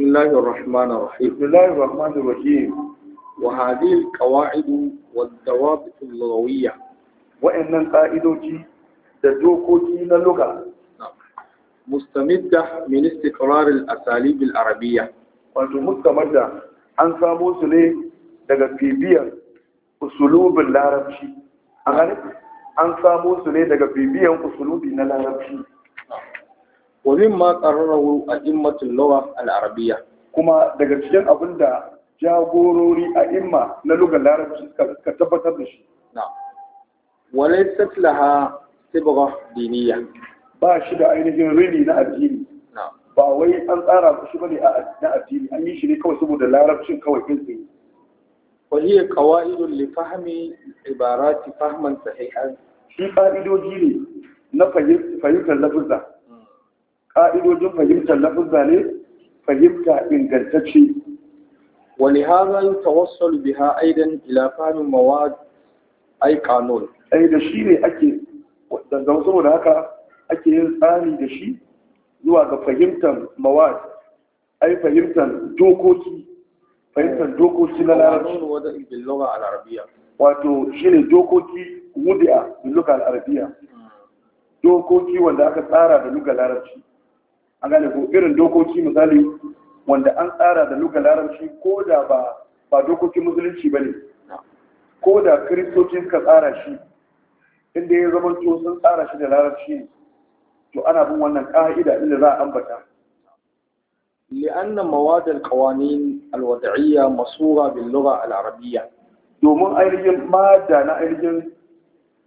بسم الله الرحمن الرحيم بسم الله الرحمن الرحيم وهذه القواعد والضوابط اللغوية وإن القائدوكي تدوكوكي للغة مستمدة من استقرار الأساليب العربية وأنت مستمدة أن سامو سلي daga bibiyar usulubin larabci a ganin an samo su ne daga bibiyan usulubi na larabci wa mimma qarrarahu a'immatul lugha al-arabiyya kuma daga cikin abin da jagorori imma na lugar larabci suka tabbatar da shi na'am wa laysat laha sibgha diniyya ba shi da ainihin rini na addini ba wai an tsara shi bane na addini an yi shi ne kawai saboda larabcin kawai kin tsaye wa hiya qawaidun li fahmi ibarati fahman sahihan shi ka'idoji ne na fahimtar lafuzza ƙa'idojin fahimtar lafuzza ne fahimta ingantacce wani hazan tawassul biha aidan ila fahmin mawad ai kanun ai da shi ne ake da wasu da haka ake yin tsari da shi zuwa ga fahimtar mawad ai fahimtar dokoki fahimtar eh, dokoki na larabci wato shi ne dokoki wudi'a da lugar arabiya hmm. dokoki wanda aka tsara da lugar larabci a gane ko irin dokoki misali wanda an tsara da lugar larabci ko da ba ba dokokin musulunci ba ne ko da kiristoci ka tsara shi inda ya zama to sun tsara shi da larabci to ana bin wannan ƙa'ida inda za a ambata لأن مواد القوانين الوضعية مصورة al العربية domin ainihin mada na ainihin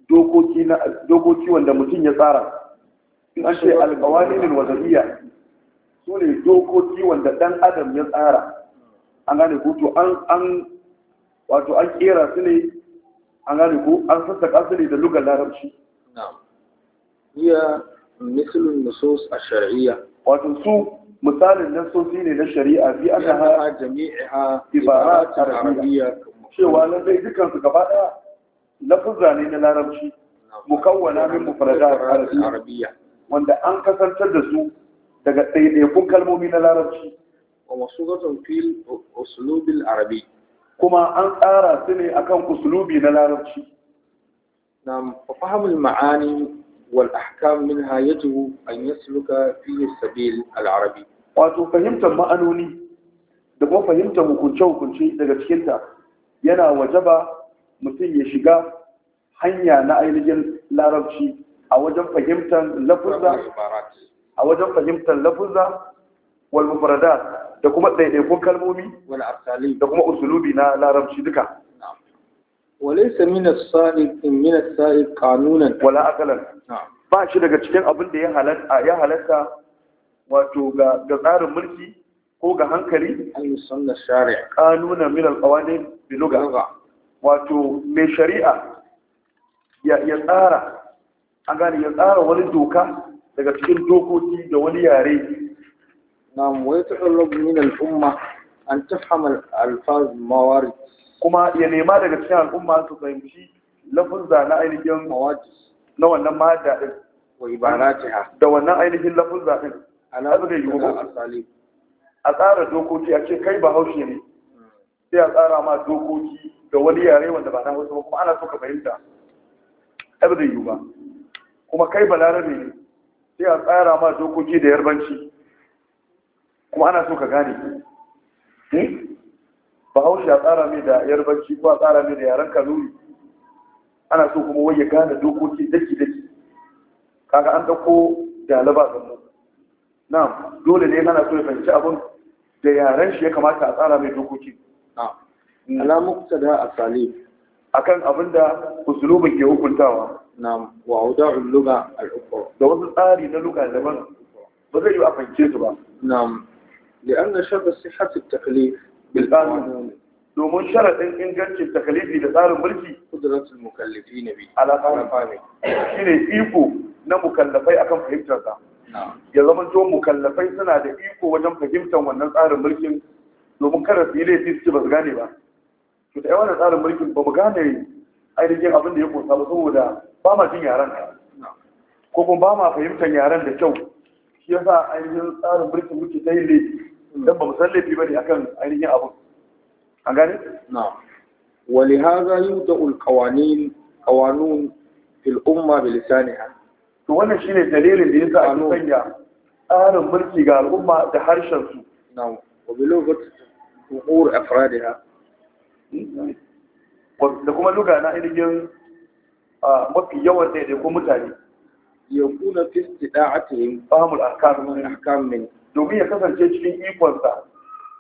dokoki wanda mutum ya tsara ashe an ce alƙawalilin wazariya su ne dokoki wanda ɗan adam ya tsara an gane ko to an wato an kera su ne an gane ko an sassaƙa su ne da lugar larabci iya misalin nusus a shari'a wato su misalin nasosi ne na shari'a fi an ha jami'a ibara arabiyya cewa na zai lallai su gaba ɗaya lafuzza ne na larabci mukawwana min mufradat arabiyya wanda an kasantar da su daga ɗaiɗaikun kalmomi na larabci wa masugatun fil usulubin arabi kuma an tsara su ne akan usulubi na larabci na fahimul ma'ani wal ahkam minha yajibu an yasluka fi sabil al arabi wato fahimtar ma'anoni da kuma fahimtar hukunce-hukunce daga cikinta yana wajaba mutum ya shiga hanya na ainihin larabci a wajen fahimtar lafuzza a wajen fahimtar lafuzza wal mufradat da kuma daidaikun kalmomi wal arsali da kuma usulubi na larabci duka walaysa min as-sa'id min as-sa'id qanunan wala aqlan ba shi daga cikin abin da ya halatta ya halatta wato ga ga tsarin mulki ko ga hankali an yusanna shari'a qanunan min al-qawanin bi lugha wato mai shari'a ya tsara an gane ya tsara wani doka daga cikin dokoki da wani yare na wai ta ɗallabu min al'umma an tafhama alfaz mawari kuma ya nema daga cikin al'umma su fahimci lafuzza na ainihin mawadi na wannan mada din wa ibaratiha da wannan ainihin lafuzza a ala yi yiwu a tsara dokoki a ce kai bahaushe ne hmm. sai a tsara ma dokoki da wani yare wanda ba na hausa ba kuma ana so ka fahimta ɗar da yiwu ba kuma kai balarabe ne sai a tsara ma dokoki da yarbanci kuma ana so ka gane hmm? bahaushe a tsara mai da yarbanci ko a tsara mai da yaren kanuri ana so kuma waje gane dokoki daki daki kaga an dauko dalaba da mu na dole ne ana so ya fahimci abin da yaren shi ya kamata a tsara mai dokoki na alamu da asali akan abinda usulubin ke hukuntawa na'am wa awda'ul da wasu tsari na lugha daban ba zai yi a fahimce su ba na'am li'anna shart sihhat domin sharadin ingancin takalifi da tsarin mulki qudratul bi shine iko na mukallafai akan fahimtar ya zama to mukallafai suna da iko wajen fahimtar wannan tsarin mulkin domin kada su yi laifi su ba su gane ba to da yawan tsarin mulkin ba mu gane ainihin abin da ya kosa ba saboda ba ma jin yaren ka ko kuma ba ma fahimtar yaren da kyau shi ya sa ainihin tsarin mulkin muke ta yin laifi don ba mu san laifi ba ne akan ainihin abin an gane? na wali haza yi da ulkawanin kawanun fil'umma bilisaniya to wannan shine dalilin da ya ake sanya tsarin mulki ga al'umma da harshen su na wabilu ga tukur da kuma luga na ainihin mafi yawan daidai ko mutane ya kuna fisti yi fahimul ahkam domin ya kasance cikin ikonsa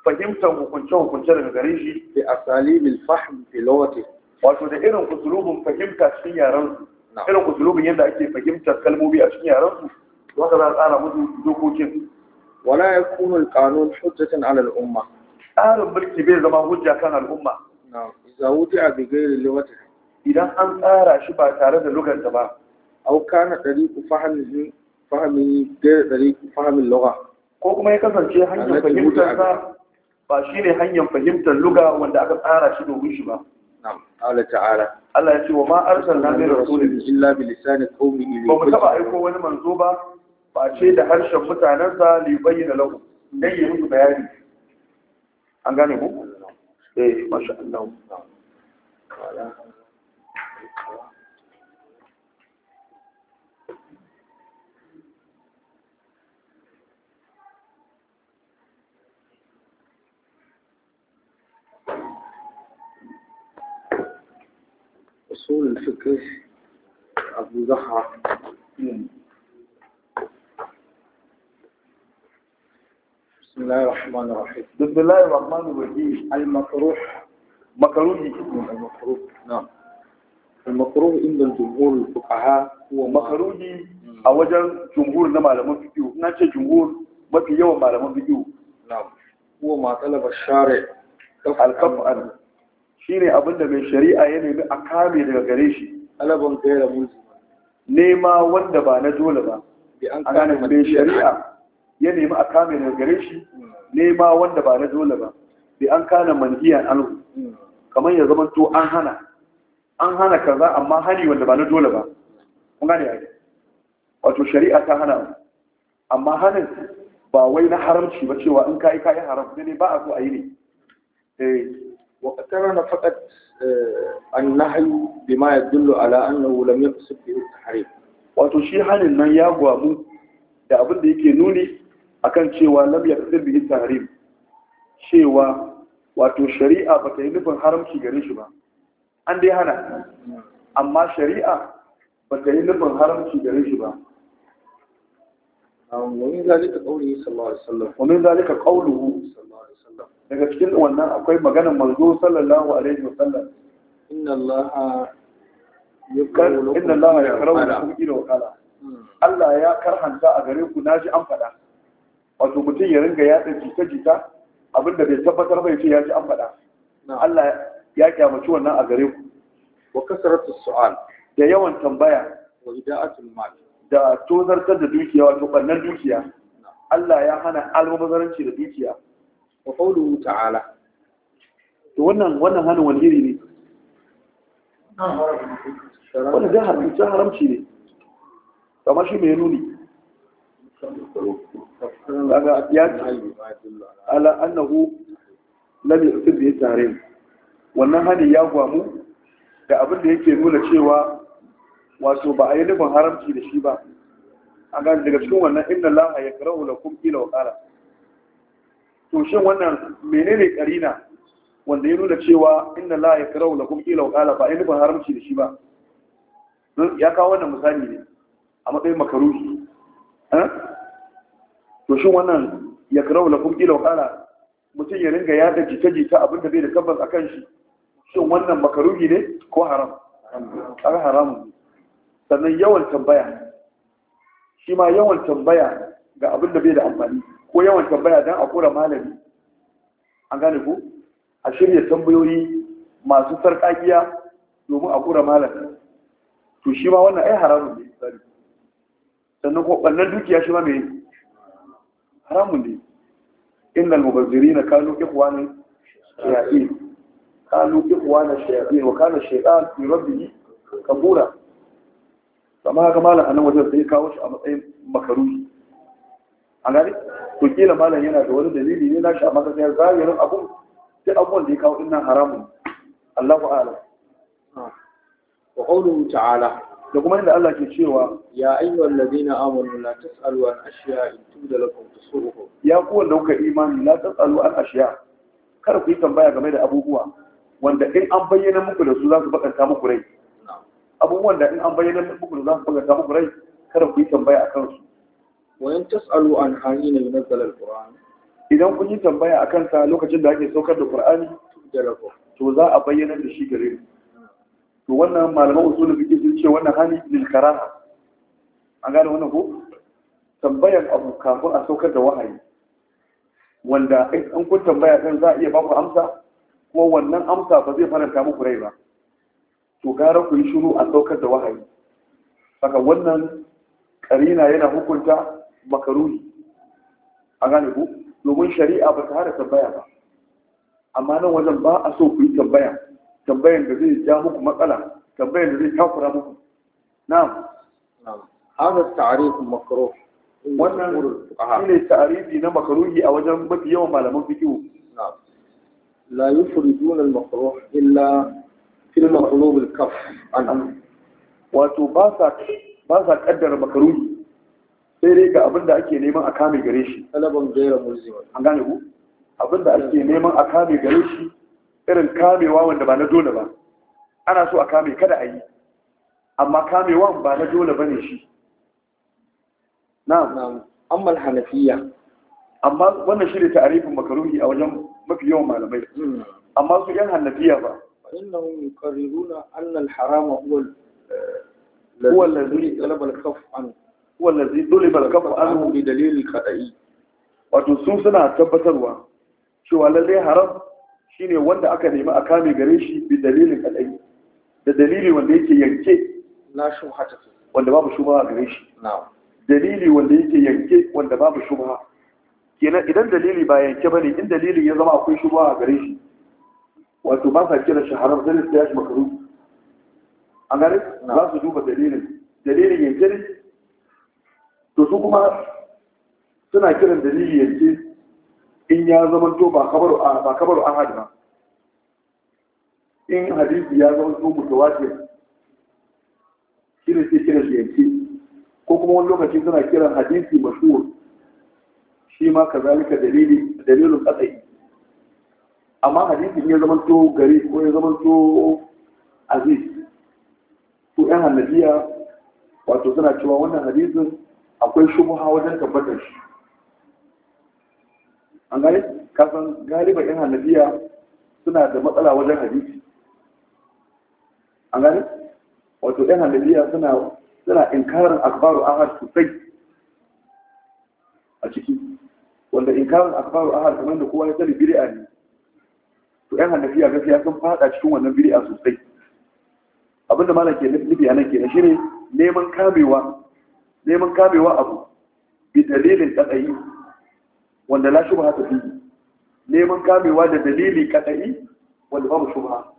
fahimtar hukunce-hukunce daga gare shi bi asalibil fahm fi lawati wato da irin kusurubin fahimta cikin yaran su irin kusurubin yadda ake fahimtar kalmobi a cikin yaran su wata za a tsara musu dokokin wala ya kuma kanun hujjatan ala tsarin mulki bai zama hujja kan al'umma a Idan an tsara shi ba tare da lugarta ba. Au kana ɗari ku fahimin fahimin ɗari ku fahimin loga. Ko kuma ya kasance hanyar fahimtar sa ba shi ne hanyar fahimtar luga wanda aka tsara shi domin shi ba. Allah ta'ala. Allah ya ce wa ma arsalna min rasulin illa bi lisani qaumi ilayhi. Ba mu taba aiko wani manzo ba ba ce da harshen mutanensa li bayyana lahu dan yi musu bayani. An gane ku? ايه ما شاء الله أصول الفكر أبو زحرة بسم الله الرحمن الرحيم بسم الله الرحمن الرحيم المكروه مكروه المكروه نعم المكروه عند الجمهور الفقهاء هو مكروه أو جمهور نما لما فيديو نحن جمهور ما في يوم ما لما فيديو نعم هو ما طلب الشارع الكف أن شيني أبدا من شريعة يعني أكامي لغريشي ألبن غير ملزم نيما وندبا نجولبا بأن كان من شريعة ya nemi a kame daga gare shi nema wanda ba na dole ba da an kana manhiyan anhu kamar ya zama to an hana an hana kaza amma hani wanda ba na dole ba kun gane ai wato shari'a ta hana amma hanin ba wai na haramci ba cewa in kai kai haram ne ba a so a yi ne eh wa na faqat eh, annahi bima yadullu ala annahu lam yaqsid bihi at-tahrim wato shi hanin nan ya gwamu da abin da yake nuni akan cewa lam yaqdir bihi tahrim cewa wato shari'a bata yi nufin haramci gare shi ba an dai hana amma shari'a bata yi nufin haramci gare shi ba ومن ذلك قوله صلى الله عليه وسلم ومن ذلك قوله صلى الله عليه وسلم daga cikin wannan akwai maganar manzo sallallahu alaihi wa sallam. inna allaha yakrahu lakum inna allaha yakrahu lakum ila hmm. Allah ya karhanta a gare ku naji an fada wato mutum ya ringa yaɗa jita-jita abinda bai tabbatar bai ce ya ji an faɗa Allah ya kyamaci wannan a gare ku wa kasaratu su'al da yawan tambaya wa mal da tozartar da dukiya wato ɓannan dukiya Allah ya hana almubazaranci da dukiya wa qawluhu ta'ala to wannan wannan hana wani iri ne Wani zai haramci ne kamar shi mai nuni ala annahu lam yusib bi tarin wannan hani ya gwamu da abin da yake nuna cewa wato ba a yi nufin haramci da shi ba a ga daga cikin wannan inna laha ya karahu lakum ila wa qala to shin wannan menene karina wanda ya nuna cewa inna laha ya karahu lakum ila wa qala ba a yi nufin haramci da shi ba ya kawo wannan misali ne a matsayin makaruhi eh? to shi wannan ya karau la kuma kila wakala mutum ya ringa yada jita-jita da bai da tabbas a kan shi shin wannan makaruhi ne ko haram har haramun sannan yawan tambaya shi ma yawan tambaya ga abin da bai da amfani ko yawan tambaya don a kora malami an gane ku a shirya tambayoyi masu sarƙaƙiya domin a kora malami to shi ma wannan ai haramun ne sannan ko ɓannan dukiya shi ma mai haramun ne kano ikuwa kanu ikhwana kano ikuwa na shayatin wa kano shaytan fi rabbih kabura amma haka malam anan wajen sai kawo shi a matsayin makaruhi a gari to kila malam yana da wani dalili ne nashi a matsayin zahirin abun sai abubuwan da ya kawo dinnan haramun Allahu a'lam wa qawluhu ta'ala da kuma inda Allah ke cewa ya ayyuhal ladina amanu la tasalu an ashiya in tubda lakum tasuruhu ya ku wanda kuka imani la tasalu an ashiya Kar ku yi tambaya game da abubuwa wanda in an bayyana muku da su za su bakanta muku rai abubuwan da in an bayyana muku da za su bakanta muku rai kar ku yi tambaya a kansu wa in tasalu an hanina yunzal alquran idan kun yi tambaya a kansa lokacin da ake saukar da qur'ani to za a bayyana da shi gare ku to wannan malaman usulul ce wannan hali lil karaha an gane wannan ko tambayan abu kafin a saukar da wahayi wanda an kun tambaya kan za a iya baku amsa kuma wannan amsa ba zai faranta muku rai ba to gara ku yi shiru a saukar da wahayi saka wannan karina yana hukunta makaruhi a gane ku domin shari'a ba ta hada tambaya ba amma nan wajen ba a so ku yi tambaya tambayan da zai ja muku matsala tambayar da zai نعم muku هذا التعريف ta'arif makruh wannan shine ta'arifi na makruhi a wajen mafi yawan malaman fiqh na'am la yufridun al illa fil maqlub al wato ba sai dai ga abin ake neman a kame gare shi gaira mulzima an gane ku abin ake neman a kame gare shi irin kamewa wanda ba na dole ba ana so a kame kada a yi amma kamewan ba na dole ba ne shi na'am amma hanafiya. amma wannan shi ne ta'arifin makaruhi a wajen mafi yawan malamai hmm. amma su yan hanafiya ba innahum yuqarriruna anna al-haram huwa eh, huwa allazi talaba al-kaf an huwa allazi talaba al-kaf anhu bi dalil al-qad'i wato su suna tabbatarwa cewa lalle haram shine wanda aka nemi a kame gare shi bi dalilin qad'i da dalili wanda yake yanke la shubhata wanda babu shubha a gare shi dalili wanda yake yanke wanda babu shubha kina idan dalili ba yanke bane in dalili ya zama akwai shubha a gare shi wato ba sa kira shi haram sai da shi makaru an gane za su duba dalilin dalilin yanke ne to su kuma suna kiran dalili yanke in ya zama to ba kabaru ahad ba in hadisi ya zama su mutawatir shi shirin sai kiran shi yanki ko kuma wani lokaci suna kiran hadisi mashuwa shi ma zalika dalili dalilin qat'i amma hadisi ya zama to gari ko ya zama to aziz to yan hannabiya wato suna cewa wannan hadisin akwai shubuha wajen tabbatar shi an gane kasan galiba yan hannabiya suna da matsala wajen hadisi an wato ɗan halibiya suna suna inkarin akbaru ahad sosai a ciki wanda inkarin akbaru ahad kamar da kowa ya sani a ne to ɗan halibiya gaskiya sun fada cikin wannan bid'a sosai abinda malam ke nufi anan kenan shine neman kamewa neman kamewa abu bi dalilin kadai wanda la shubha ta fi neman kamewa da dalili kadai wanda babu shubha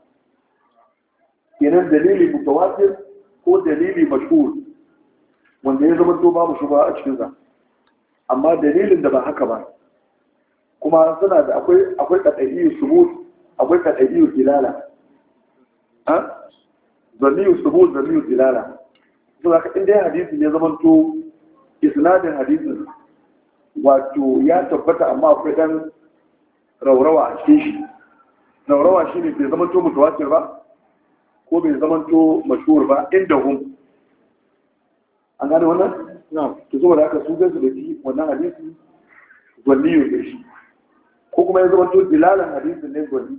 kenan dalili mutawatir ko dalili mashhur wanda ya zama to babu shuba a cikin sa amma dalilin da ba haka ba kuma suna da akwai akwai kadai subut akwai kadai dilala ha zamiyu subut zamiyu dilala to haka in hadisi ya zaman to isnadin hadisi wato ya tabbata amma akwai dan raurawa a cikin shi raurawa shine bai zama to mutawatir ba ko bai zamanto mashuwar ba inda hun an gane wannan na to zuwa da aka su gansu da shi wannan hadisi yau da shi ko kuma ya to dilalan hadisin ne gwanni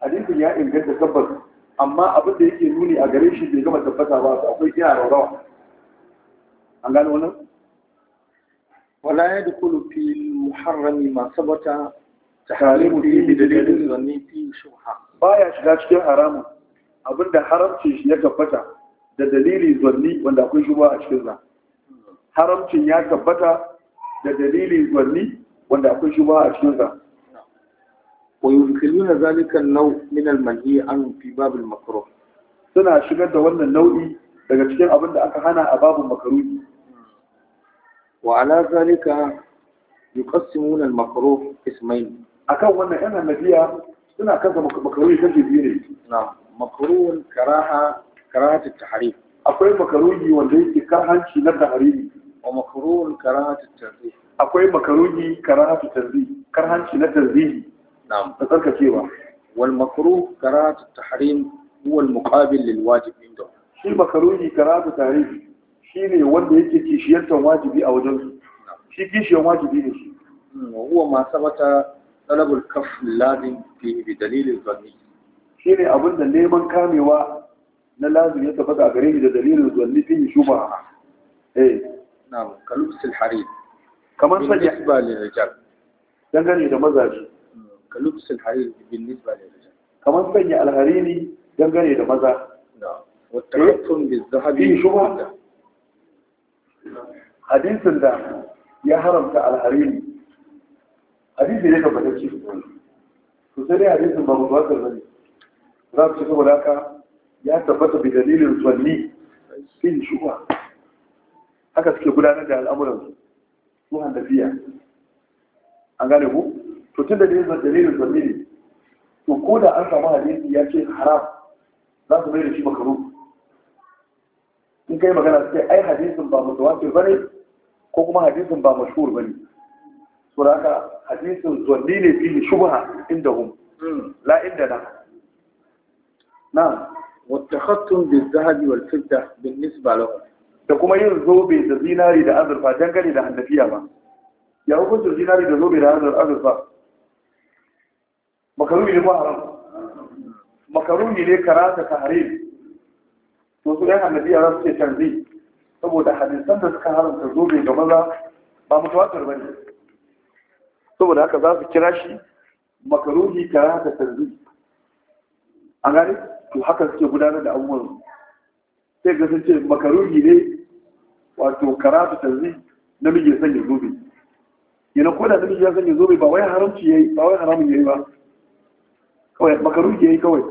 hadisin ya inganta tabbas amma abin da yake nuni a gare shi bai gama tabbata ba su akwai iya rawa an gane wannan muharrami ولا يدخل في المحرم da dalilin تحريمه بدليل ظني فيه Ba ya shiga cikin haramun abinda haramcin shi ya tabbata da dalili zanni wanda akwai shubha a cikinsa haramcin ya tabbata da dalili zanni wanda akwai shubha a cikinsa wa yumkinuna zalika nau min al-manhi an fi bab al-makruh suna shigar da wannan nau'i daga cikin abin da aka hana a babin makaruhi wa ala zalika yuqassimuna al-makruh A akan wannan yan nabiya suna kasa makaruhi kashi biyu ne na'am makarun karaha karahatu tahrif akwai makaruhi wanda yake karhanci na tahrimi wa makarun karahatu tanzih akwai makaruhi karahatu tanzih karhanci na tanzih na'am ta cewa wal makruh karahatu tahrim huwa al muqabil lil wajib inda shi makaruhi karahatu tahrimi shine wanda yake kishiyantar wajibi a wajen su shi kishiyan wajibi ne shi wa huwa ma sabata talabul kaf lazim fi bi dalil zanni shi ne abin da neman kamewa na lazim ya tabbata a gare ni da dalilin zuwanni fi yi shuba eh na kalusul hari kamar sanya nisba lil rijal dangane da mazaji hmm, kalusul hari bin nisba da jar. kamar sanya alharini dangane da maza na wa tarattum bi dhahabi shuba hadisin da ya haramta alharini hadisi ne tabbatacce to sai dai hadisin ba mu ba ka bane za su ci saboda ya tabbata bi dalilin tsalli fin shuwa haka suke gudanar da al'amuransu su hannafiya an gane ku to tun da dalilin tsalli ne to ko da an samu hadisi ya ce haram za su mai da shi makaru in kai magana sai ai hadisin ba ba bane ko kuma hadisin ba mashhur bane saboda haka hadisin tsalli ne fi shubha inda hum la inda na na'am wattakhattun bizahabi wal fidda بالنسبة لهم da kuma yin zobe da zinari da azurfa dangane da hannafiya ba ya hukuncin zinari da zobe da azurfa makaruni ne ba haram makaruni ne karata ta hare. to su yan hannafiya za su ce canzi saboda hadisan da suka haramta zobe ga maza ba mutuwatar ba ne saboda haka za su kira shi makaruni karata canzi an gane to haka suke gudanar da abubuwan sai ga sun ce makaruhi ne wato karatu tanzi namiji ya sanya zobe yana ko da namiji ya sanya zobe ba wai haramci yayi ba wai haramun yayi ba kawai makaruhi yayi kawai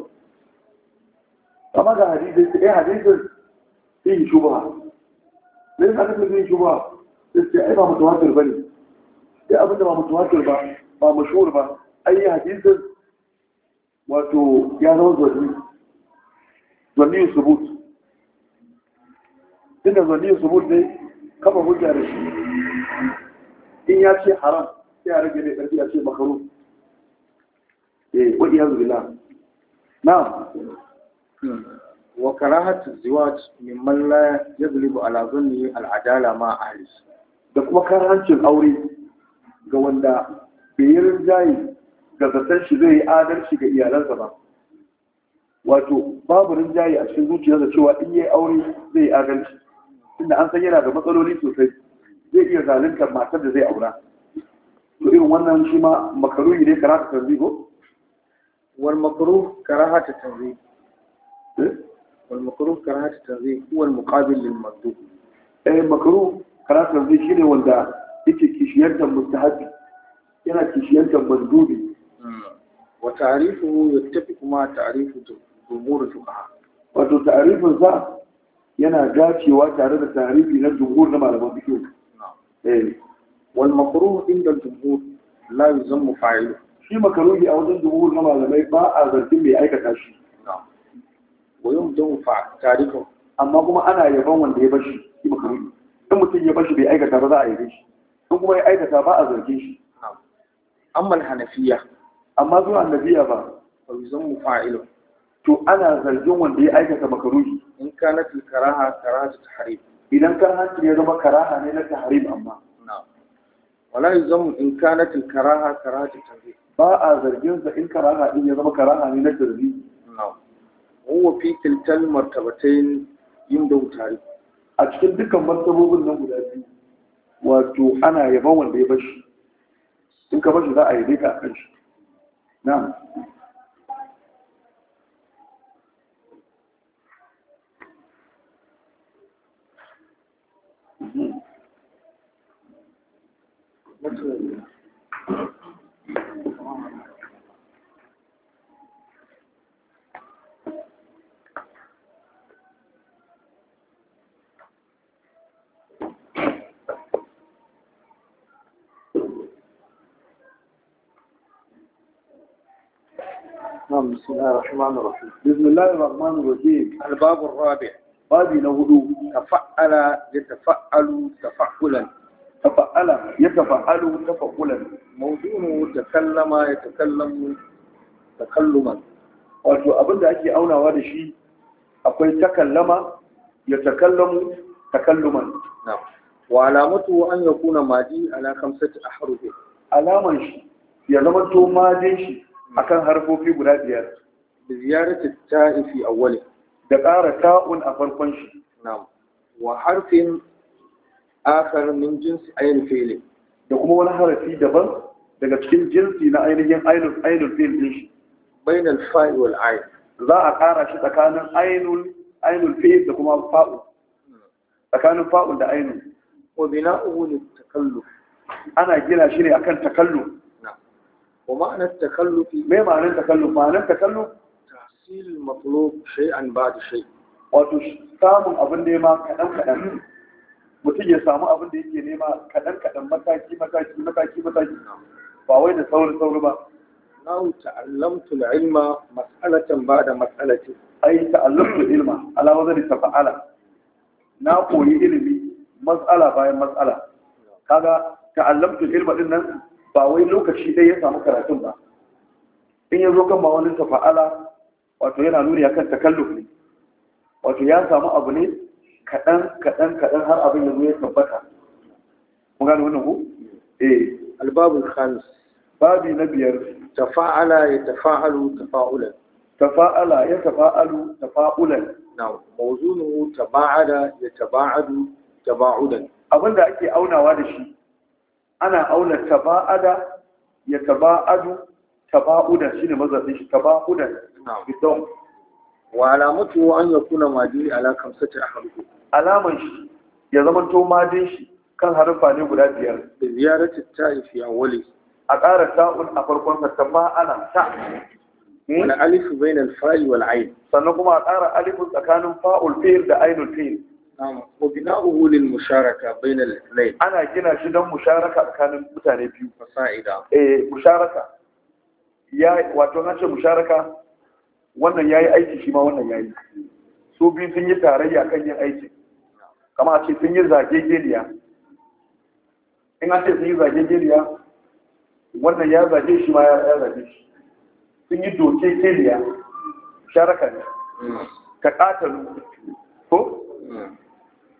amma ga hadisi sai hadisin yin shubha ne ka sai yin shubha sai ai ba mutawatir bane sai abin da ba mutawatir ba ba mashhur ba ai hadisin wato ya zama zarri zanni subut inda zanni subut dai kama hujja da shi in ya ce haram sai a rage mai karfi a ce makaru eh wadi ya zubila Na. wa karahatu ziwaj mimman la yaglibu ala zanni al'adala ma ahli da kuma karancin aure ga wanda bai yi rinjaye ga zaton shi zai yi adalci ga iyalansa ba wato babu rinjaye a cikin da cewa in yi aure zai adalci inda an san yana da matsaloli sosai zai iya zalunta matar da zai aura to irin wannan shi ma makaruhi ne karata tanzi ko wal makruh karahata tanzi eh? wal makruh karahata tanzi wal muqabil lil mandub eh makruh karata tanzi shine wanda yake da mustahabi yana da mandubi hmm. wa ta'rifuhu yattafiqu ma ta'rifuhu jumhur fuqaha wato ta'rifin sa yana dacewa tare da ta'rifi na jumhur na malaman fiqh eh wal makruh inda jumhur la yuzammu fa'ilu shi makaruhi a wajen jumhur na malamai ba a zargin mai aikata shi wa yumdamu fa ta'rifin amma kuma ana yaban wanda ya bashi shi makaruhi in mutum ya bashi bai aikata ba za a yabe shi in kuma ya aikata ba a zarge shi amma hanafiya amma zuwa annabiya ba fa yuzammu fa'ilu to ana zargin wanda ya aikata makaruhi in kana fil karaha karahatu tahrim idan karahanci ya zama karaha ne na tahrim amma wala yuzamu in kana fil karaha karahatu tahrim ba a zargin sa in karaha din ya zama karaha ne na tahrim huwa fi tilkal martabatain inda tare a cikin dukkan martabobin nan guda biyu wato ana yaban wanda ya bashi in ka bashi za a yabe ka a kan shi na'am نعم، بسم الله الرحمن الرحيم بسم الله الرحمن الرحيم الباب الرابع باب نهدو تفعل يتفعل تفعلا tafa'ala ya tafa'alu tafa'ulan mawdu'u takallama ya takallamu takalluman wato abinda ake aunawa da shi akwai takallama ya takallamu takalluman wa alamatu an yakuna madi ala khamsati ahruf alaman shi ya zama to madin shi akan harfofi guda biyar da ziyarati ta'ifi awwali da ƙara ta'un a farkon shi na'am wa harfin akhar min jinsi ayin fi'li da kuma wani harafi daban daga cikin jinsi na ainihin ainul ainul fi'l din shi bainal fa'i za a ƙara shi tsakanin ainul ainul fi'l da kuma fa'u tsakanin fa'u da ainul wa bina'uhu lit takalluf ana gina shi ne akan takalluf wa ma'anar takalluf me ma'anar takalluf ma'anar takalluf tahsil matlub shay'an ba'da wato samun abin nema kadan kadan mutum ya samu abin da yake nema kaɗan kaɗan mataki mataki mataki mataki ba wai da sauri sauri ba na'u ta'allamtu ilma mas'alatan ba da mas'alati ai ta'allamtul ilma ala wazani tafa'ala na koyi ilimi mas'ala bayan mas'ala kaga ta'allamtul ilma din nan ba wai lokaci ɗaya ya samu karatun ba in ya zo kan ba wani tafa'ala wato yana nuni akan takalluf ne wato ya samu abu ne kaɗan kaɗan kaɗan har abin ya zo ya tabbata kun gane wannan ku eh albabul khamis babi na biyar tafa'ala ya tafa'alu tafa'ulan tafa'ala ya tafa'alu tafa'ulan na mawzunu taba'ada ya taba'adu taba'udan abinda ake aunawa da shi ana auna taba'ada ya taba'adu taba'udan shine mazabin shi taba'udan na'am wa alamatu an yakuna madi ala kamsati ahrufi alaman shi ya zama to madin shi kan harfa ne guda biyar da ziyarati ta'if ya wali a ƙara ta'un a farkon sa tamma ana ta hmm? wani alifu bain al-fa'i wal ayn sannan kuma a ƙara alifu tsakanin fa'ul fi'l da ainul fi'l na'am wa bina'uhu lil musharaka bain al-ithnayn ana gina shi don musharaka tsakanin mutane biyu fasa'ida eh musharaka ya wato na ce musharaka wannan ya yi aiki shi ma wannan ya yi su biyu sun yi tarayya kan yin aiki kama a ce sun yi zage geliya in an ce sun yi zage geliya wannan ya zage shi ma ya zage shi sun yi doke geliya sharaka ne ka ƙatalu ko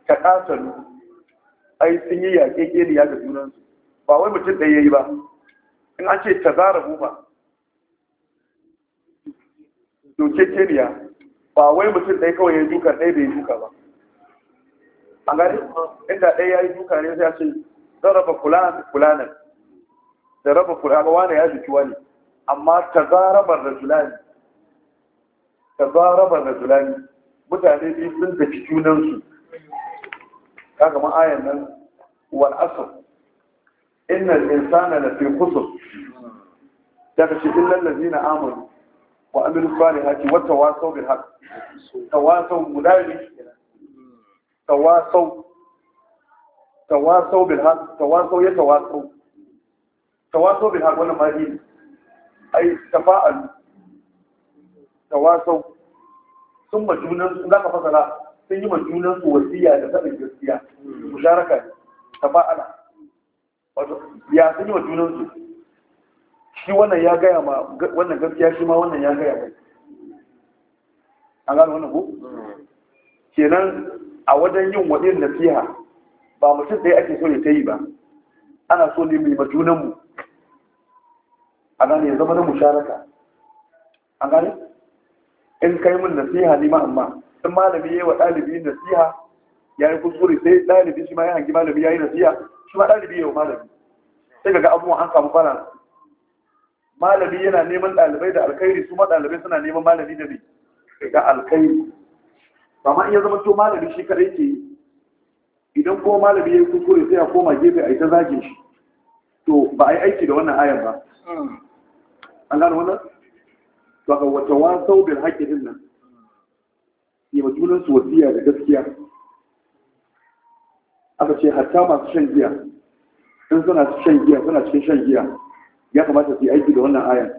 ka ƙatalu ai sun yi yaƙe geliya ga junansu ba wai mutum ɗaya ya yi ba in an ce ta zara ba doke keniya ba wai mutum ɗaya kawai ya yi duka ɗaya bai duka ba a gani inda ɗaya ya yi duka ne ya ce zan raba fulanan da raba fulanan wane ya duki wani amma ta zarabar da zulani ta zarabar da zulani mutane biyu sun tafi junansu kaga gama ayan nan wal asr innal insana fi khusr daga shi illal ladina amanu wa amilu salihati wa tawasaw bil haqq tawasaw mudawil tawasaw tawasaw bil haqq tawasaw ya tawasaw tawasaw bil haqq wannan mali ai tafa'al tawasaw sun ma junan za zaka fasara sun yi ma junan su wasiya da sabin gaskiya musharaka tafa'ala wato ya sun yi ma junan su shi wannan ya gaya ma wannan gaskiya shi ma wannan ya gaya mai an gano wannan ku? kenan a wajen yin waɗin nasiha ba mutum ɗaya ake so ya ta yi ba ana so ne mai majunanmu a gane ya zama na musharaka an gane in kai min nasiha ni ma amma in malami ya yi wa ɗalibi nasiha ya yi kuskure sai ɗalibi shi ma ya hangi malami ya yi nasiha shi ma ɗalibi ya yi wa malami sai ga abubuwan an samu balance malami yana neman ɗalibai da alkhairi su ma ɗalibai suna neman malami da ne ga alkhairi amma in ya zama to malami shi kadai ke idan ko malami ya yi ya sai koma gefe a yi ta zagin shi to ba a yi aiki da wannan ayan ba an gano wannan to ga wata wasau bil nan yi wa su wasiya da gaskiya aka ce hatta masu shan giya in suna shan giya suna cikin shan giya ya kamata su yi aiki da wannan ayan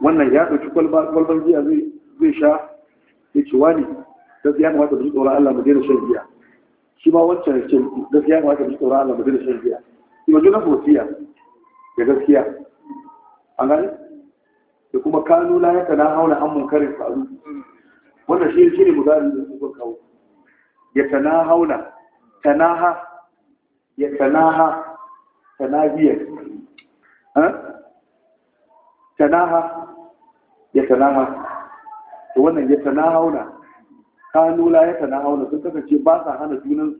wannan ya ɗauki kwalban giya zai sha ya ce wani gaskiya ya kamata mu ji tsoron Allah mu daina shan giya shi ma wancan ya ce gaskiya ya kamata mu ji tsoron Allah mu shan giya shi ma juna fosiya da gaskiya an gani da kuma kanu na yaka na hauna an munkarin faru wannan shi shi ne mudari da su kawo ya tana hauna tanaha ya tanaha tanahiyar tanaha ya tanaha to wannan ya tanahauna kanula ya tanahauna sun kasance ba sa hana junansu.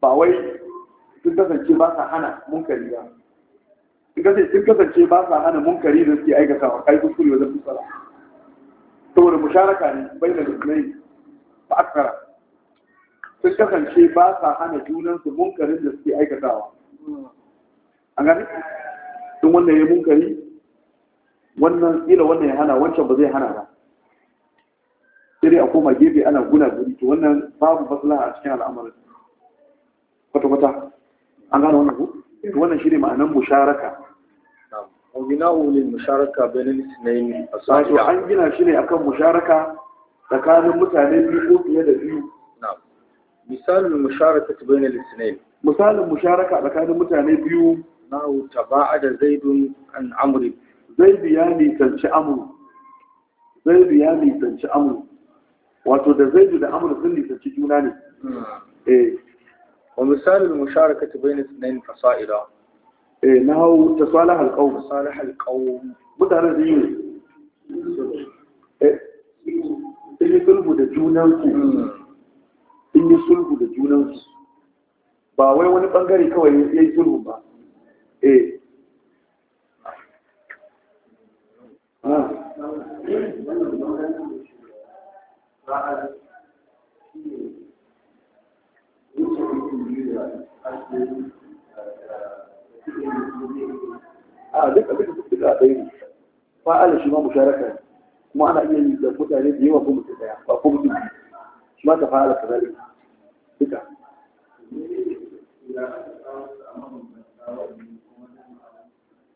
ba wai sun kasance ba sa hana munkari ba sun kasance ba sa hana munkari da suke aikatawa kai kuskure wajen fusara saboda musharaka ne bai da musulmai ba akara sun kasance ba sa hana junansu munkarin da suke aikatawa an gani in wannan ya munkari wannan kila wannan ya hana wancan ba zai hana ba sai dai a koma gefe ana guna guri to wannan babu maslaha a cikin al'amarin kwata kwata an gane wannan ku to wannan shine ma'anar musharaka an gina ulil musharaka bainal isnayn wato an gina shi ne akan musharaka tsakanin mutane biyu ko fiye da biyu misalin musharaka ta bayan litinai misalin musharaka tsakanin mutane biyu na ta ba'a zaidun an amri zaidu ya nisanci amru amru wato da zaidu da amru sun nisanci juna ne hmm. eh wa misalin musharaka ta bayan litinai fasa'ida eh na ta salaha alqawm salaha alqawm mutanen hmm. eh, da yi da hmm. in yi sulhu da junansu ba wai wani bangare kawai ya yi sulhu ba eh ah. Ah, a duk fa'ala shi ma musharaka kuma ana iya yi da mutane da yawa ko mutum ɗaya ba ko mutum shi ma ta fa'ala kazalika duka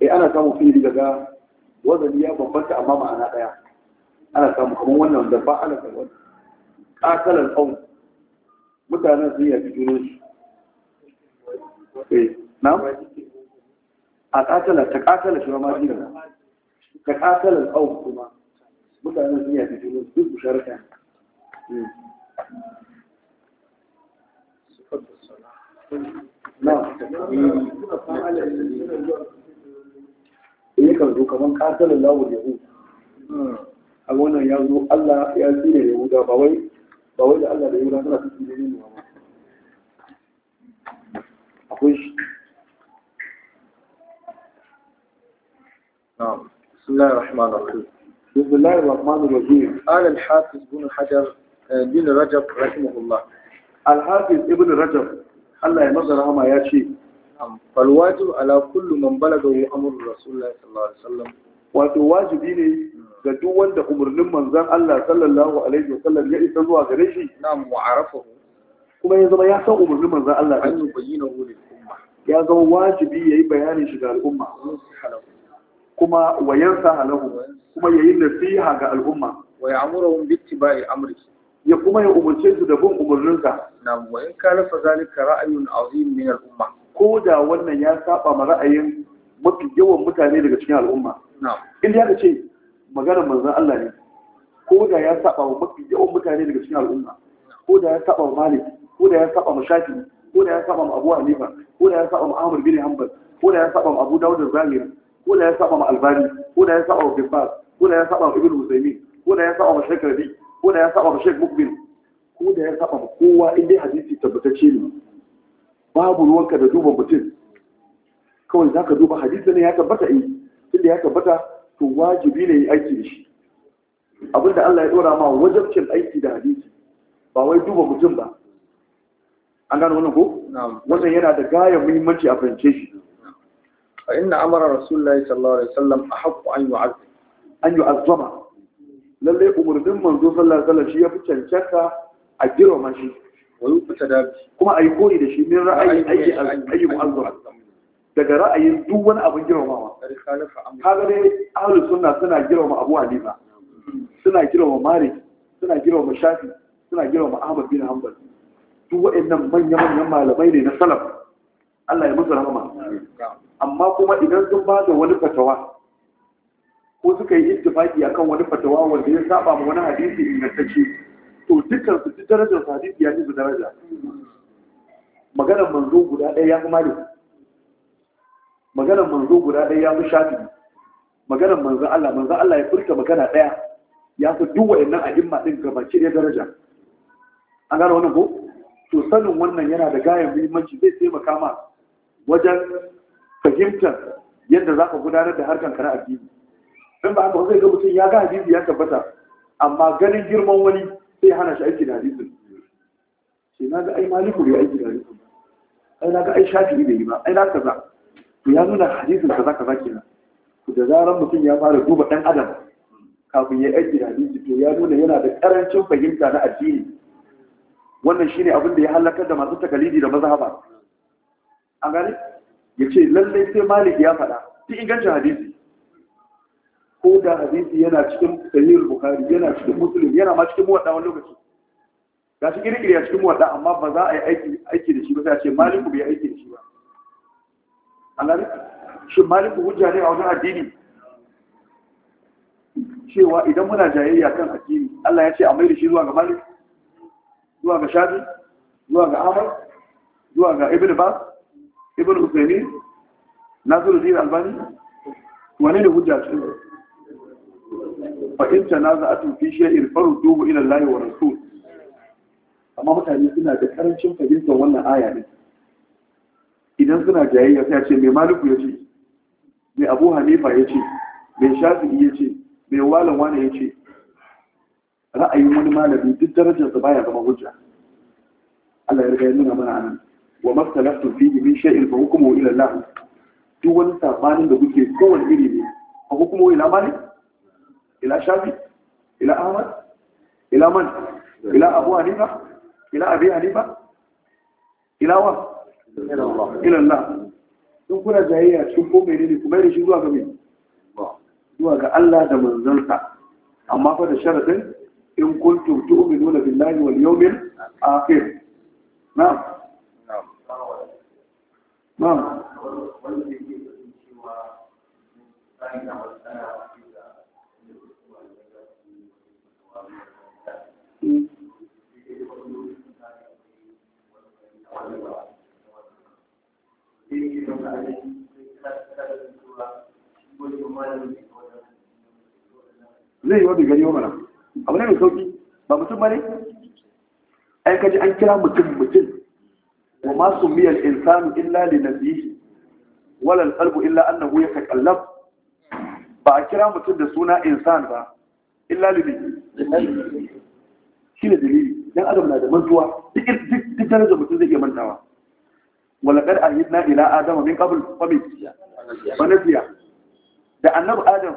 eh, ana samun fili daga wazani ya bambanta amma ma'ana daya ana samu kamar wannan da ba ala wani ƙasalar ƙau mutanen sun eh, a junan su na a ƙasalar ta ƙasalar shi ma jira ka ƙasalar ƙau kuma mutanen sun yi junan su duk bisharka na ya kan zo kamar kasalin lawon yahu a wannan ya zo allah ya tsire yahuda ba wai ba wai da allah da yahuda suna cikin jini ne ba akwai shi نعم بسم الله الرحمن الرحيم بسم الله الرحمن الرحيم قال الحافظ بن حجر بن رجب رحمه الله الحافظ ابن رجب Allah ya maza rahama ya ce falwajib ala kullu man balagahu amru rasulullahi sallallahu alaihi wasallam wato wajibi ne ga duk wanda umarnin manzon Allah sallallahu alaihi wasallam ya isa zuwa gare shi na'am wa kuma ya zama ya san umarnin manzon Allah an yubayyana hu lil umma ya zama wajibi yayi bayanin shi ga al'umma kuma wayansa halahu kuma yayi nasiha ga al'umma wa ya'muruhum bi ittiba'i amri ya kuma ya umarce su da bin umarninsa na wa in fa zalika ra'ayun azim min al-umma ko da wannan ya saba ma ra'ayin mafi yawan mutane daga cikin al'umma inda ya ce maganar manzon Allah ne ko da ya saba ma mafi yawan mutane daga cikin al'umma ko da ya saba ma Malik ko da ya saba ma Shafi ko da ya saba ma Abu Hanifa ko da ya saba ma Ahmad bin Hanbal ko da ya saba ma Abu Dawud az-Zahiri ko da ya saba ma Albani ko da ya saba ma Bin ko da ya saba ma Ibn Husaymi, ko da ya saba ma Shaykh Rabi' ko da ya saba ma Sheikh Mukbil ko da ya saba ba, kowa in dai hadisi tabbatacce ne babu ruwanka da duba mutum kawai za ka duba hadisi ne ya tabbata in eh, tunda ya tabbata to wajibi ne yi aiki da shi abinda Allah ya dora ma wajabcin aiki da hadisi ba wai duba mutum ba an gano wannan ko wannan yana da gayar muhimmanci a fahimce shi fa inna amara rasulullahi sallallahu alaihi wasallam ahaqqu an yu'azzama an yu'azzama lallai umarnin manzo sallallahu alaihi wasallam shi ya fi cancanta a girma shi wani fita da kuma ayi koyi da shi min ra'ayi aiki ayi mu'azzara daga ra'ayin duk wani abin girmamawa kaga dai ahlu sunna suna girmama Abu Hanifa suna girmama Malik suna girmama Shafi suna girmama Ahmad bin Hanbal duk waɗannan manyan manyan malamai ne na salaf Allah ya musu rahama amma kuma idan sun ba da wani fatawa ko suka yi ittifaki akan wani fatawa wanda ya saba ma wani hadisi ingantacce to dukkan su duk darajar su hadisi ya ci su daraja maganar manzo guda ɗaya ya fi malik maganar manzo guda ɗaya ya fi shafi maganar manzo Allah manzo Allah ya furta magana ɗaya ya fi duk wa'annan a'imma din gabaci ɗaya daraja an gane wannan ko to sanin wannan yana da gayan muhimmanci zai taimaka ma wajen fahimtar yadda za ka gudanar da harkar kana addini don ba haka zai ga mutum ya ga hadisi ya tabbata amma ganin girman wani sai hana shi aiki da hadisin sai na ga ai maliku ya aiki da hadisin ai na ga ai shafi ne yi ba ai na kaza to ya nuna hadisin kaza kaza kenan to da zaran mutum ya fara duba dan adam kafin ya aiki da hadisi to ya nuna yana da karancin fahimta na addini wannan shine abin da ya halakar da masu takalidi da mazhaba an gane ya ce lallai sai malik ya faɗa duk ingancin hadisi ko da hadisi yana cikin sahihul bukhari yana cikin muslim yana ma cikin muwadda wani lokaci ga shi kirkiri a cikin muwadda amma ba za a yi aiki aiki da shi ba sai a ce maliku bai aiki da shi ba ne shi maliku hujja ne a wajen addini cewa idan muna jayayya kan addini Allah ya ce a da shi zuwa ga malik zuwa ga shafi zuwa ga ahmad zuwa ga ibn bas ibn husaini nasiru din albani wani ne hujja cikin na fa in tanaza'atum ya shay'in farudduhu ila Allah wa rasul amma mutane suna da karancin fahimtar wannan aya ne idan suna jayayya sai ce mai maliku ya ce mai abu hanifa ya ce mai shafi'i ya ce mai walan wani ya ce ra'ayin wani malami duk darajarsa baya zama hujja Allah ya riga ya nuna mana anan wa mastalaftu fihi min shay'in fa hukmuhu ila Allah duk wani sabanin da kuke kowanne iri ne fa hukmuhu ila malik ila shafi ila ahmad ila man ila abu hanifa ila abi hanifa ila wa ila allah Sun kuna jayayya sun ko ne kuma da shi zuwa ga mai zuwa ga Allah da manzansa amma fa da sharadin in kuntum tu'minuna billahi wal yawmil akhir na'am Na? Na. zai yi wani gari mana abu ne mai sauki ba mutum ba ne ai kaji an kira mutum mutum wa masu miyar insanu illa li nasihi walal qalbu illa ya yatakallab ba a kira mutum da suna insan ba illa li ne shi ne dalili dan adam na da mantuwa duk duk da mutum zai iya mantawa walaqad ahidna ila adama min qabl fa bi nasiya da annabi adam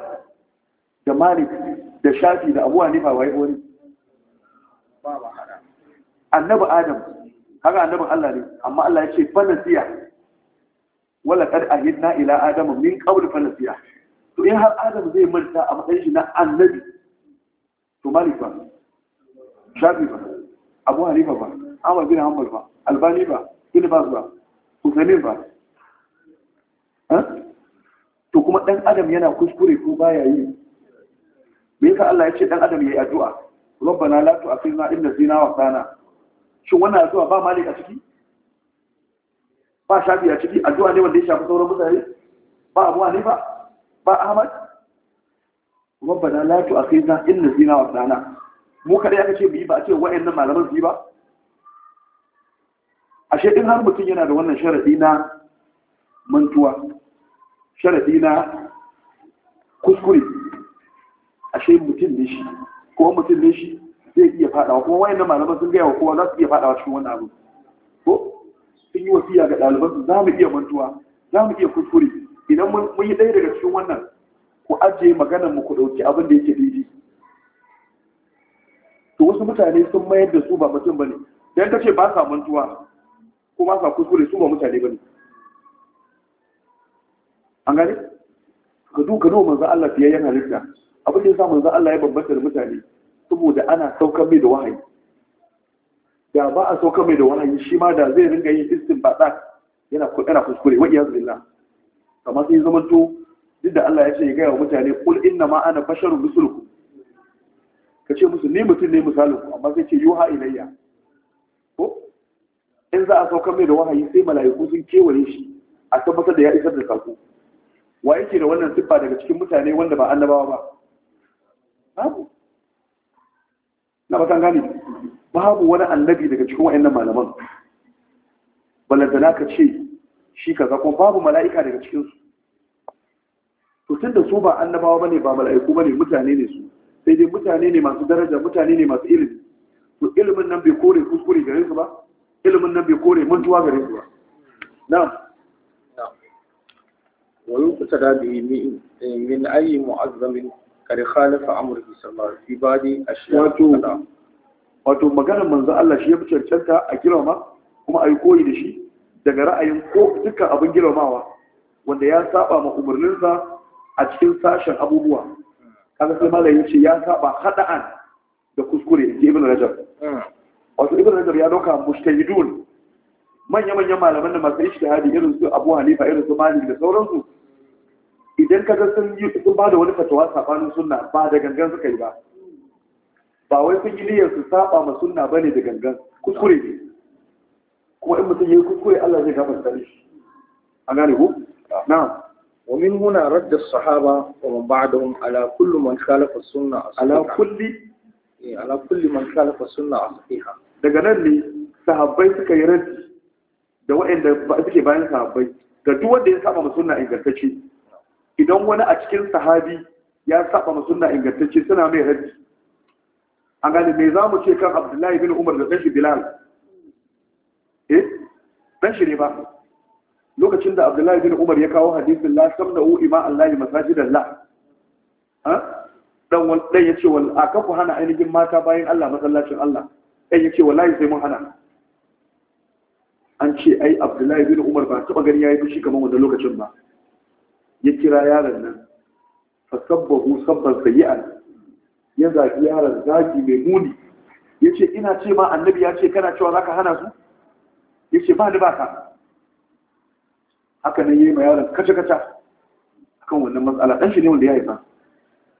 da malik da shafi da abu hanifa wai wani annabi adam haka annabin Allah ne amma Allah ya ce fa nasiya walaqad ahidna ila adama min qabl fa nasiya to in har adam zai manta a matsayin shi na annabi to malik ba shafi ba abu hanifa ba amr bin hanbal ba albani ba ibn baz ba usamin ba to kuma ɗan adam yana kuskure ko baya yi me yasa Allah ya ce ɗan adam ya yi addu'a rabbana la tu'akhidna in nasina wa sana shin wannan addu'a ba malik a ciki ba shafi a ciki addu'a ne wanda ya shafi sauran mutane ba abu ne ba ba ahmad rabbana la tu'akhidna in nasina wa sana mu kada aka ce bi ba a ce wa'annan malaman su yi ba ashe in har mutum yana da wannan sharaɗi na mantuwa sharaɗi na kuskure ashe mutum ne shi ko mutum ne shi zai iya faɗawa kuma wayan malaman sun gaya wa kowa za su iya faɗawa cikin wannan abu ko sun yi wasiya ga ɗaliban za mu iya mantuwa za mu iya kuskure idan mun yi ɗaya daga cikin wannan ku ajiye maganar mu ku ɗauki abin da yake daidai to wasu mutane sun mayar da su ba mutum ba Idan dan ce ba sa mantuwa kuma ba kuskure su ba mutane ba ne an gani ka duka nawa manzan Allah fiye yana halitta abin da ya sa manzan Allah ya bambanta da mutane saboda ana saukar mai da wahayi da ba a saukar mai da wahayi shi ma da zai ringa yin istin ba yana kudana kuskure wa iyaz billah kamar sai zama to duk da Allah ya ce ya gaya wa mutane kul inna ma ana basharun musulku. ka ce musu ni mutum ne misalin ku amma sai ce yuha ilayya ko in za a saukar mai da wahayi sai mala'iku sun kewaye shi a tabbatar da ya isar da saƙo wa yake da wannan siffa daga cikin mutane wanda ba annabawa ba babu na batan gane babu wani annabi daga cikin wa'annan malaman balantana ka ce shi ka kuma babu mala'ika daga cikin su to da su ba annabawa bane ba mala'iku bane mutane ne su sai dai mutane ne masu daraja mutane ne masu ilimi to ilimin nan bai kore kuskure gare su ba ilimin nan bai kore mantuwa gare su ba kusa wa da bi min ayi mu'azzamin kare khalafa amurki sallar fi badi ashiya wato wato maganar manzo Allah shi ya fi cancanta a girma kuma a yi koyi da shi daga ra'ayin ko dukkan abin girmamawa wanda ya saba ma umarninsa a cikin sashen abubuwa kaga sai malayin ya ce ya saba hada'an da kuskure da ibn rajab hmm. wato ibn rajab ya dauka mustahidun manya-manyan malaman da masu ishtihadi irin su abu halifa irin su malik da sauransu idan ka ga sun sun ba da wani fatawa sabanin sunna ba da gangan suka yi ba ba wai sun yi niyyar su saba ma sunna bane da gangan kuskure ne kuma in mutum yi kuskure Allah zai gafarta shi an gane ku na'am ومن هنا رد الصحابة ومن بعدهم على كل من خالف السنة على كل على كل من خالف السنة sahiha daga nan ne sahabbai suka yi rati da waɗanda suke bayan sahabbai da duk wanda ya saba sunna ingantacce idan wani a cikin sahabi ya saba sunna ingantacce suna mai rati an gane me za mu ce kan abdullahi bin umar da ɗan shi bilal eh ɗan shi ne ba lokacin da abdullahi bin umar ya kawo hadisin la samna'u ima da La. dan ya ce wal akafu hana ainihin mata bayan allah masallacin allah ɗan ya ce wallahi sai mun hana an ce ai abdullahi bin umar ba taɓa gani ya yi fushi kamar wanda lokacin ba ya kira yaron nan fa sabbahu sabban sayyi'an ya zagi yaron zagi mai muni ya ce ina ce ma annabi ya ce kana cewa za ka hana su ya ce ba ni ba ka haka nan ya yi ma yaron kaca-kaca akan wannan matsala ɗan shi ne wanda ya haifa